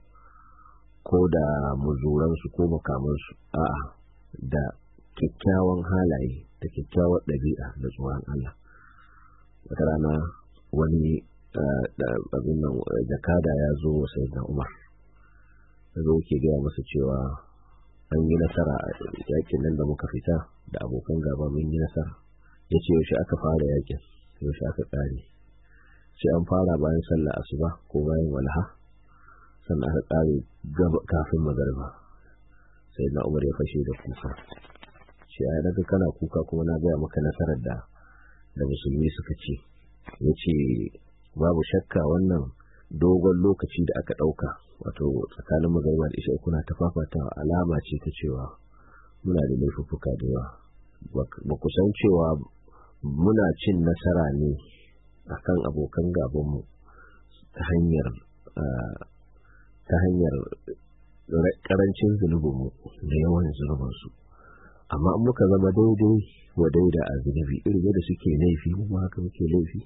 ko da muzuran su ko makamansu? a'a da kyakkyawan halaye da kyakkyawar ɗabi'a da tsoron Allah wata rana wani eh, abin eh, jakada ya zo wa sayyidina Umar zo ke gaya masa cewa an yi nasara a yakin nan da muka fita da abokan gaba mun yi nasara ya ce yaushe aka fara yakin yaushe aka tsari sai an fara bayan sallah asuba ko bayan Walaha, sannan aka kare kafin magariba sai na umar ya fashe da kuka shi a daga kana kuka kuma na gaya maka nasarar da da musulmi suka ce ya ce babu shakka wannan dogon lokaci da aka ɗauka wato tsakanin magariba da isha kuna ta fafata alama ce ta cewa muna da laifuka da yawa ba ku san cewa muna cin nasara ne akan abokan gabanmu ta ah, ta hanyar karancin zunubinmu da yawan su, amma in muka zama daidai wa daida a zunubi irin yadda suke laifi kuma haka muke laifi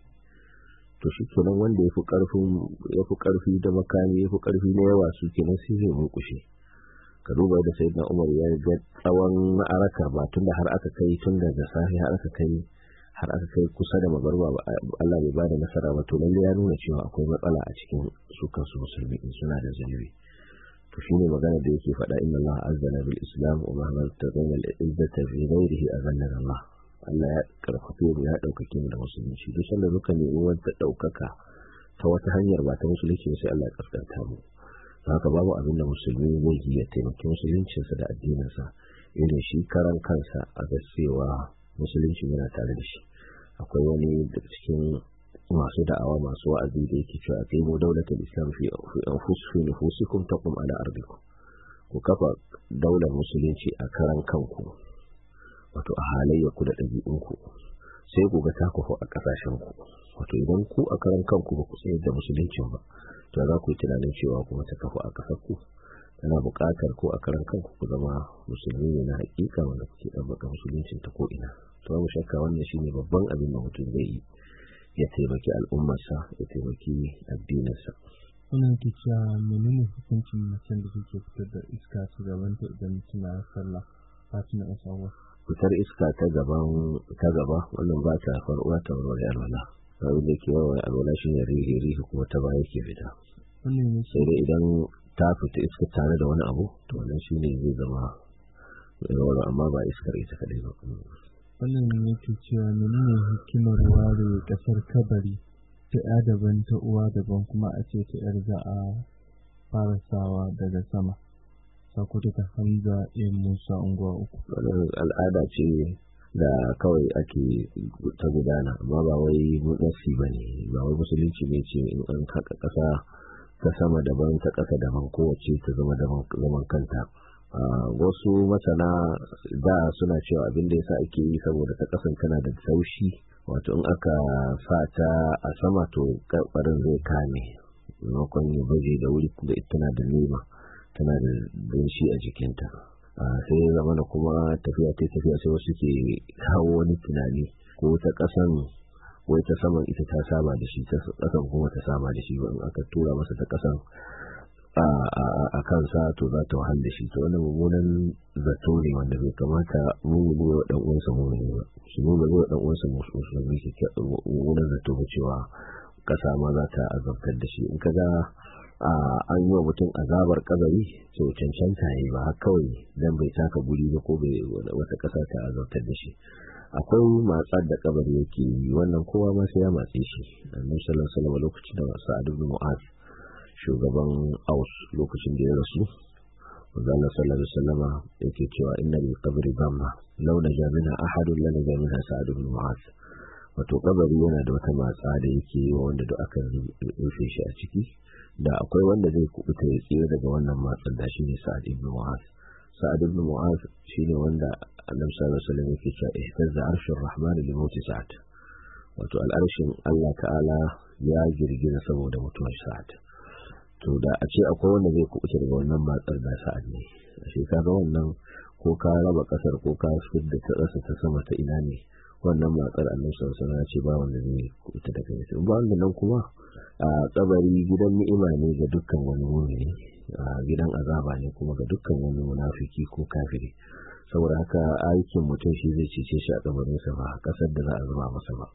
to shi kenan wanda ya fi karfi da makami ya fi karfi na yawa su kenan sai zai murkushe ka duba da sayyidina umar ya ga tsawon ma'araka ba tunda har aka kai tun daga safi har aka kai har aka kai kusa da magarba Allah bai bada nasara ba to lalle ya nuna cewa akwai matsala a cikin su kansu musulmi suna da zunubi to shine magana da yake faɗa inna Allah azzana bil islam wa mahmal tazana al izzata fi ghairihi azana Allah Allah ya karfafe mu ya daukake mu da musulunci duk sanda muka nemi wata daukaka ta wata hanyar ba ta musulunci sai Allah ya kaskanta mu haka babu abin da musulmi zai yi ya taimaki musuluncinsa da addininsa irin shi karan kansa a gasewa musulunci yana tare da shi akwai wani da cikin masu da'awa masu wa'azi da yake cewa mu dawlatal islam fi anfusikum nufusikum taqum ala ardikum ku kafa daular musulunci a karan kanku wato a halayyarku da ɗabi'unku sai ku ga ta kufu a ku. wato idan ku a karan kanku ba ku tsayar da musuluncin ba to za ku yi tunanin cewa kuma ta kafa a ku. tana buƙatar ku a karan kanku ku zama musulmi ne na hakika wanda kuke ɗabbaka musuluncin ta ko ina. to mu shakka wannan shine babban abin da mutum zai yi ya taimaki al'ummarsa ya taimaki addininsa wannan ke cewa menene hukuncin macen da suke fitar da iska ta gaban ta idan suna sallah fatima ya samu fitar iska ta gaban ta gaba wannan ba ta faruwa ta warware alwala abin da ke warware alwala shi ne rihi kuma ta baya ke fita sai dai idan ta fita iska tare da wani abu to wannan shi ne zai zama amma ba iskar ita kadai ba Wannan yake cewa menene hikimar ware ƙasar kabari ta ‘ya daban ta uwa daban kuma a ce ta ‘yar za a fara sawa daga sama. Sako ta Hamza ya Musa Unguwa uku. Wannan al'ada ce da kawai ake ta gudana amma ba wai nasi ba ne ba wai musulunci ne ce in an kaka ƙasa ta sama daban ta ƙasa daban kowace ta zama daban zaman kanta. wasu masana da suna cewa abin da yasa ake yi saboda ta kasan tana da taushi wato in aka fata a sama to karbarin zai kame maimakon ya baje da wuri da tana da nema tana da danshi a jikinta sai ya zama kuma tafiya ta tafiya sai wasu ke hawa wani tunani ko ta kasan wai ta saman ita ta saba da shi ta kasan kuma ta saba da shi ba in aka tura masa ta kasan a kansa to za ta wahala shi to wani mummunan zato ne wanda bai kamata mummu ne wa dan uwansa mummu ba shi ne ba zai dan uwansa musulmi shi ke mummunan zato ba cewa kasa ma za ta azabtar da shi in ka ga an yi wa mutum azabar kabari to cancanta ne ba kawai dan bai taka guri ba ko bai wata kasa ta azabtar da shi akwai matsar da kabari yake yi wannan kowa ma sai ya matse shi annabi sallallahu alaihi wasallam lokacin da sa'ad adubu mu'az shugaban aus lokacin da ya rasu Allah sallallahu alaihi wasallam yake cewa inna bi qabri dhamma law jamina ahadun la jamina sa'ad ibn mu'az wato kabari yana da wata matsa da yake yi wanda duk aka rufe shi a ciki da akwai wanda zai kubuta ya tsira daga wannan matsar da shine sa'ad ibn mu'az sa'ad ibn mu'az shine wanda Allah sallallahu alaihi wasallam yake cewa ihtazza arshur rahman li mawt sa'ad wato al'arshin Allah ta'ala ya girgiza saboda mutuwar sa'ad to da a ce akwai wanda zai kubuta daga wannan matsar da sa ne a shekara wannan ko ka raba kasar ko ka da ta rasa ta sama ta ina ne wannan matsar annabi sallallahu alaihi ce ba wanda zai kubuta daga yasin ba wanda nan kuma a tsabari gidan ni'ima ne ga dukkan wani mu'mini a gidan azaba ne kuma ga dukkan wani munafiki ko kafiri saboda haka aikin mutum shi zai cece shi a kabarinsa ba kasar da za a zuba masa ba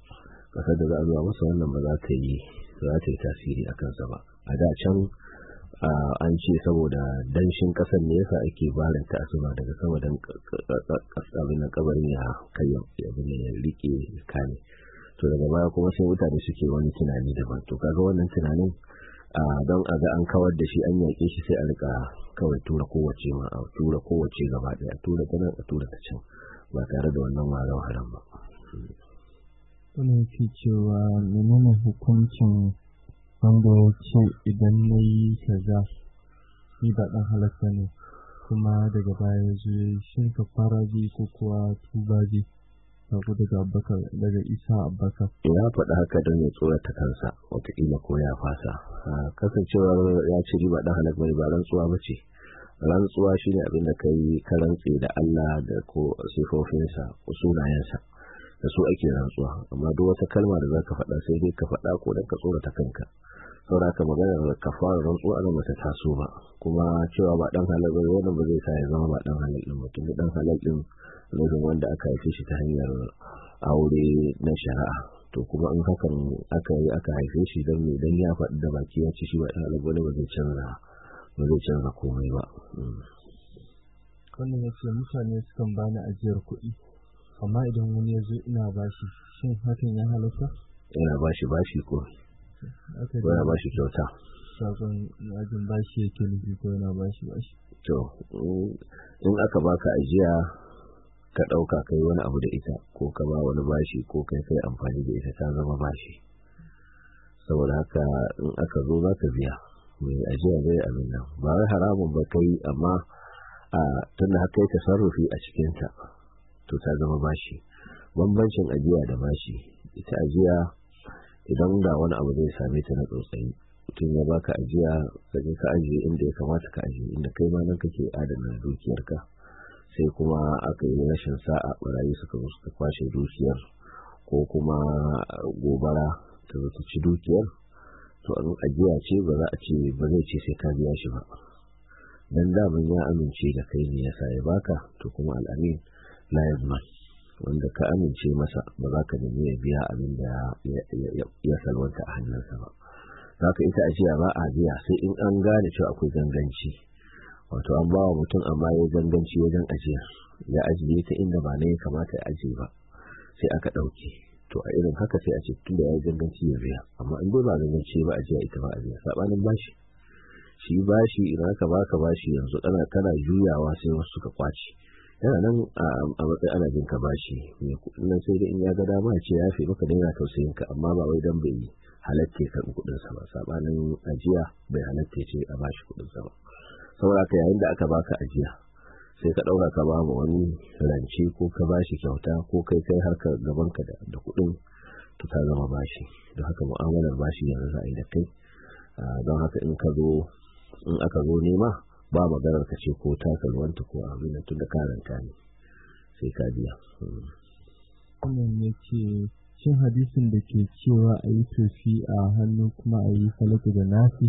kasar da za a zuba masa wannan ba za ta yi za ta yi tasiri a kansa ba a da can an ce saboda danshin ƙasar ne yasa ake barin ta asuba daga sama don abin kabarin ya kai abin ya rike kane to daga baya kuma sai mutane suke wani tunani daban to kaga wannan tunanin don a ga an kawar da shi an yaƙe shi sai a rika kawai tura kowace ma a tura kowace gaba ɗaya tura ta nan a tura ta can ba tare da wannan wahalar haram ba Suna yake cewa menene hukuncin wanda ya ce idan na yi kaza ni ba ɗan halatta ne kuma daga baya ya zo ka kafara zai ko kuwa tuba zai sako daga abubakar daga isa abubakar. ya faɗi haka don ya tsorata kansa wataƙila ko ya fasa kasancewa ya ce riba ɗan halatta ne ba rantsuwa ba ce rantsuwa shine abin da ka ka rantse da allah da ko sifofinsa ko da su ake rantsuwa amma duk wata kalma da zaka faɗa sai dai ka faɗa ko dan ka tsorata kanka sauraka maganar kafara rantsuwa nan ba ta taso ba kuma cewa ba dan halal ba wannan ba zai sa ya zama ba dan halal din mutum dan halal din laifin wanda aka haife shi ta hanyar aure na shari'a to kuma in hakan aka yi aka haife shi dan me dan ya faɗi da baki ya ci shi ba dan halal ba zai canza ba zai canza komai ba hmm. wannan yace mutane sukan bani ajiyar kuɗi amma idan wani ya zo ina bashi shin hakan ya halatta ina bashi bashi ko ko ina bashi kyauta sakon ajin bashi yake nufi ko ina bashi bashi to in aka baka ajiya ka ɗauka kai wani abu da ita ko ka ba wani bashi ko kai kai amfani da ita ta zama bashi saboda haka in aka zo za ka biya mai ajiya zai abin nan ba wai haramun ba kai amma a tunda haka yi tasarrufi a cikinta to ta zama bashi bambancin ajiya da bashi ita ajiya idan ga wani abu zai same ta na tsotsayi Tun ya baka ajiya kaje ka ajiye inda ya kamata ka ajiye inda kai ma nan kake adana dukiyarka sai kuma aka yi rashin sa'a barayi suka zo suka kwashe dukiyar ko kuma gobara ta zo ci dukiyar to an ajiya ce ba za a ce ba zai ce sai ka biya shi ba dan da daman ya amince da kai ne ya sa ya baka to kuma al'amin la yazmas wanda ka amince masa ba za ka nemi ya biya abin da ya salwanta a hannunsa ba za ka ita ajiya ba a biya sai in an gane cewa akwai ganganci wato an ba wa mutum amma ya ganganci wajen ajiya ya ajiye ta inda ba na ya kamata ya ajiye ba sai aka ɗauke to a irin haka sai a ce tun da ya yi ganganci ya biya amma in dai ba ganganci ba ajiya ita ba ajiya saɓanin bashi shi bashi idan aka baka bashi yanzu kana juyawa sai wasu ka kwace yana nan a matsayi ana jin ka bashi mai kudin sai dai in ya ga dama ce ya fi maka daina tausayin ka amma ba wai dan bai halatta ka kudin sa sabanin ajiya bai halatta ce a bashi kudin sa ba saboda ka yayin da aka baka ajiya sai ka ɗaura ka ba wani rance ko ka bashi kyauta ko kai kai harkar gaban ka da kudin to ta zama bashi don haka mu'amalar bashi yanzu za a yi da kai ah, don haka in ka zo in aka zo nema ba maganar ka ce ko kalwanta ko abin da tunda karan ka ne sai ka biya wannan ce shin hadisin da ke cewa a yi tofi a hannu kuma a yi falaki da nasi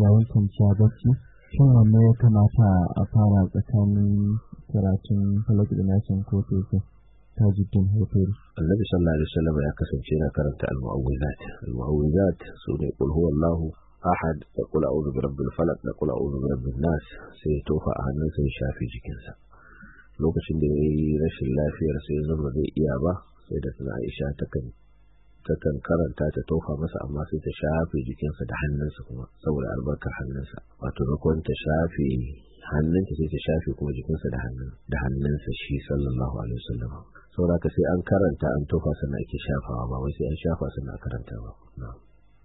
yayin kwanciya bacci shin wannan ya kamata a fara tsakanin karatun falaki da nasi ko tofi tajidin hotari. Annabi sallallahu alaihi wasallam ya kasance na karanta al-mu'awwizat. Al-mu'awwizat sune qul huwallahu ahad da kula auzu bi rabbil falaq da kula auzu bi rabbin nas sai ya tofa a hannunsa ya shafi jikinsa lokacin da ya yi rashin lafiyar sai ya zama zai iya ba sai da tana aisha takan takan karanta ta tofa masa amma sai ta shafe jikinsa da hannunsa kuma saboda albarkar hannunsa wato rukun ta shafe hannunta sai ta shafe kuma jikinsa da hannun da hannunsa shi sallallahu alaihi wasallam saboda ka sai an karanta an tofa sannan ake shafawa ba wai sai an shafa sannan karanta ba na'am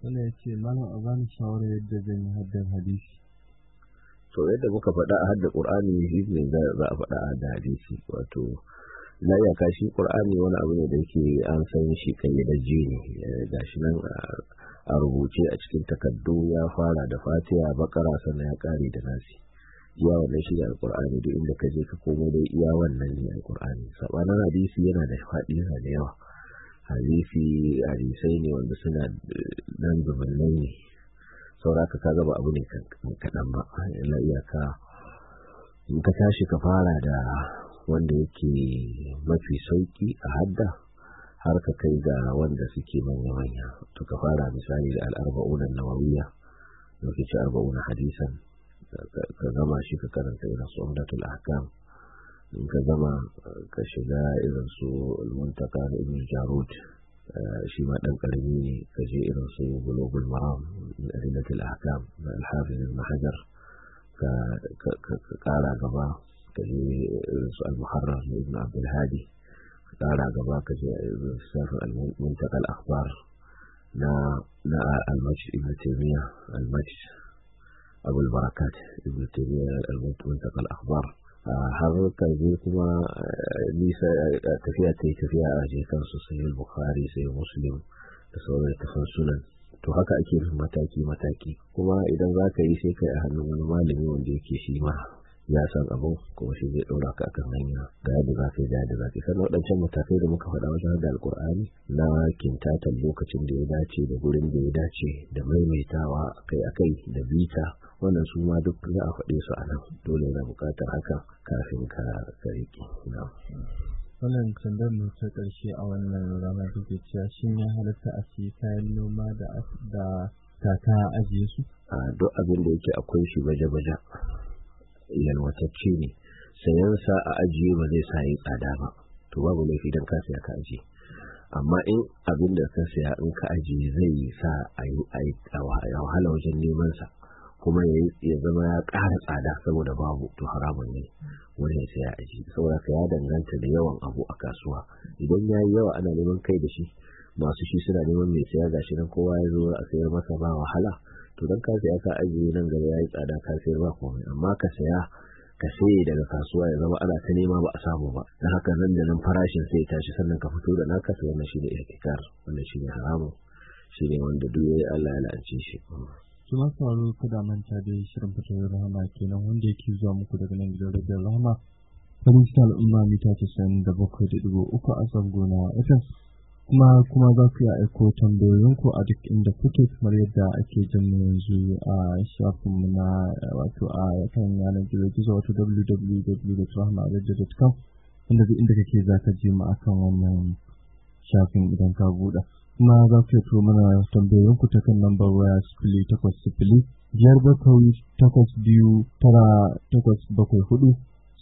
wanda ya ce malam a zan shawarar yadda zan yi haddar hadisi to yadda muka faɗa a haddar ƙur'ani ne za a faɗa a haddar hadisi wato na iyaka shi ƙur'ani wani abu ne da yake an san shi yi da jini. ga shi nan a rubuce a cikin takardu ya fara da fatiha bakara sannan ya ƙare da nasi iya wannan shi da alƙur'ani duk inda ka je ka komo dai iya wannan ne alƙur'ani saɓanin hadisi yana da faɗi da yawa hadisi hadisai ne wanda suna eh, nan zubannai ne sauraka ka gaba abu ne kaɗan ba na iyaka in ka tashi ka fara da wanda yake mafi sauki a hadda har ka kai ga wanda suke manya-manya to ka fara misali da al'arba'unan nawawiya lokaci arba'unan hadisan ka gama shi ka karanta irin su umdatul ahkam كما كشفاء رسول المنتقى ابن الجارود آه، شيما تنقلبي كشيء رسول بلوغ المرام من أدلة الأحكام الحافظ ابن حجر قال كما كشيء رسول المحرر ابن عبد الهادي قال كما كشيء رسول المنتقى الأخبار نا نا المجد ابن تيمية المجد أبو البركات ابن تيمية المنتقى الأخبار har je kuma eh, nisa eh, eh, tafiya ta yi tafiya a je kansu sai bukhari sai muslim da sauran tafan sunan to haka ake bin mataki-mataki kuma idan za ka yi sai kai a hannun wani malami wanda yake shi ma ya san abu kuma shi zai ɗora ka akan hanya ga yadda za ka yi da yadda za ka yi sannan waɗancan matakai da muka faɗa wajen da alkur'ani na kintatan lokacin da ya dace da gurin da ya dace da maimaitawa kai a kai da bita wannan su ma duk za a faɗe su a nan dole na buƙatar hakan kafin ka ka riƙe wannan tambayar mu ƙarshe a wannan rana take cewa shin ya halatta a siya kayan noma da da kaka a ajiye su a duk abin da yake akwai shi baje-baje yalwatacce ne sayan sa a ajiye ba zai sa yi tsada ba to babu laifi don ka siya ka amma in abin da ka siya in ka ajiye zai sa a yi a wahala wajen neman sa kuma ya zama ya ƙara tsada saboda babu to haramun ne wani ya saya aji. saboda ka ya danganta da yawan abu a kasuwa idan ya yi yawa ana neman kai da shi masu shi suna neman mai saya gashi nan kowa ya zo a sayar masa ba wahala to dan ka saya ka ajiye nan gaba ya yi tsada ka sayar ba komai amma ka saya ka saye daga kasuwa ya zama ana ta nema ba a samu ba dan haka nan da nan farashin sai tashi sannan ka fito da naka sai wannan shine ihtikar wannan haramun. Shi ne wanda duk Allah ya la'ance shi Kiman sauraro kada manta da shirin fitowar rahama kenan wanda yake zuwa muku daga nan gidan rabin rahama. Farin cikin al'umma mita casa'in da bakwai da dubu uku a gona FM. Kuma kuma za ku iya aiko tambayoyinku a duk inda kuke kamar yadda ake jin yanzu a shafinmu na wato a kan yanar gizo gizo wato www.rahama.com wanda duk inda kake za ka je mu akan wannan shafin idan ka buɗe. kuma za ku turo mana tambayoyin ku ta kan lambar waya sifili takwas sifili biyar bakwai takwas biyu tara takwas bakwai hudu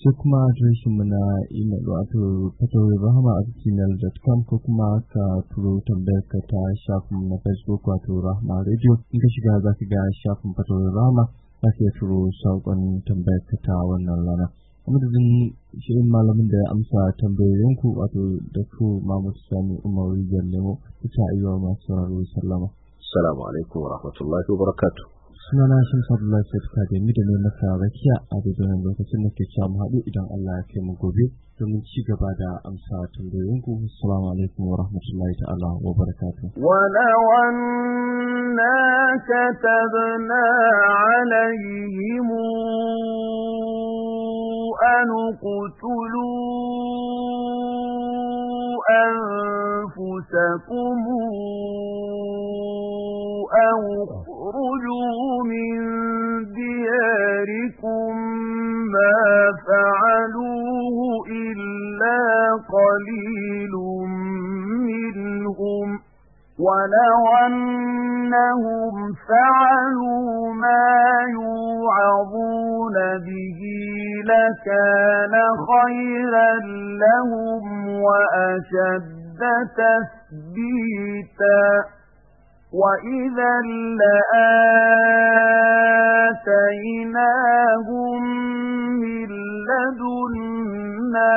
sai kuma adireshin mu na imel wato fatawai rahama a gmail.com ko kuma ka turo tambayar ka ta shafin na facebook wato rahama radio in ka shiga za ka ga shafin fatawai rahama za ka iya turo saukon tambayar ka ta wannan lana. madadin shirin malamin da ya amsa tambayoyinku wato da ku mahmud sani umar rijiyar nemo ta ayyuwa masu sauraro sallama assalamu alaikum wa rahmatullahi wa barakatuh sunana Shamsadullah Said Kademi da ne masa rakiya a daidai lokacin da ke samu haɗu idan Allah ya kai mu gobe domin ci gaba da amsa tambayoyinku. Assalamu alaikum wa rahmatullahi ta'ala wa barakatuh. Walau anna katabna alaihim an qutulu anfusakum aw اخرجوا من دياركم ما فعلوه إلا قليل منهم ولو أنهم فعلوا ما يوعظون به لكان خيرا لهم وأشد تثبيتا وَإِذًا لَّآتَيْنَاهُم مِّن لَّدُنَّا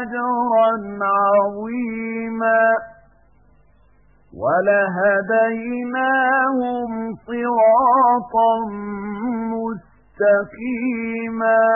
أَجْرًا عَظِيمًا وَلَهَدَيْنَاهُمْ صِرَاطًا مُّسْتَقِيمًا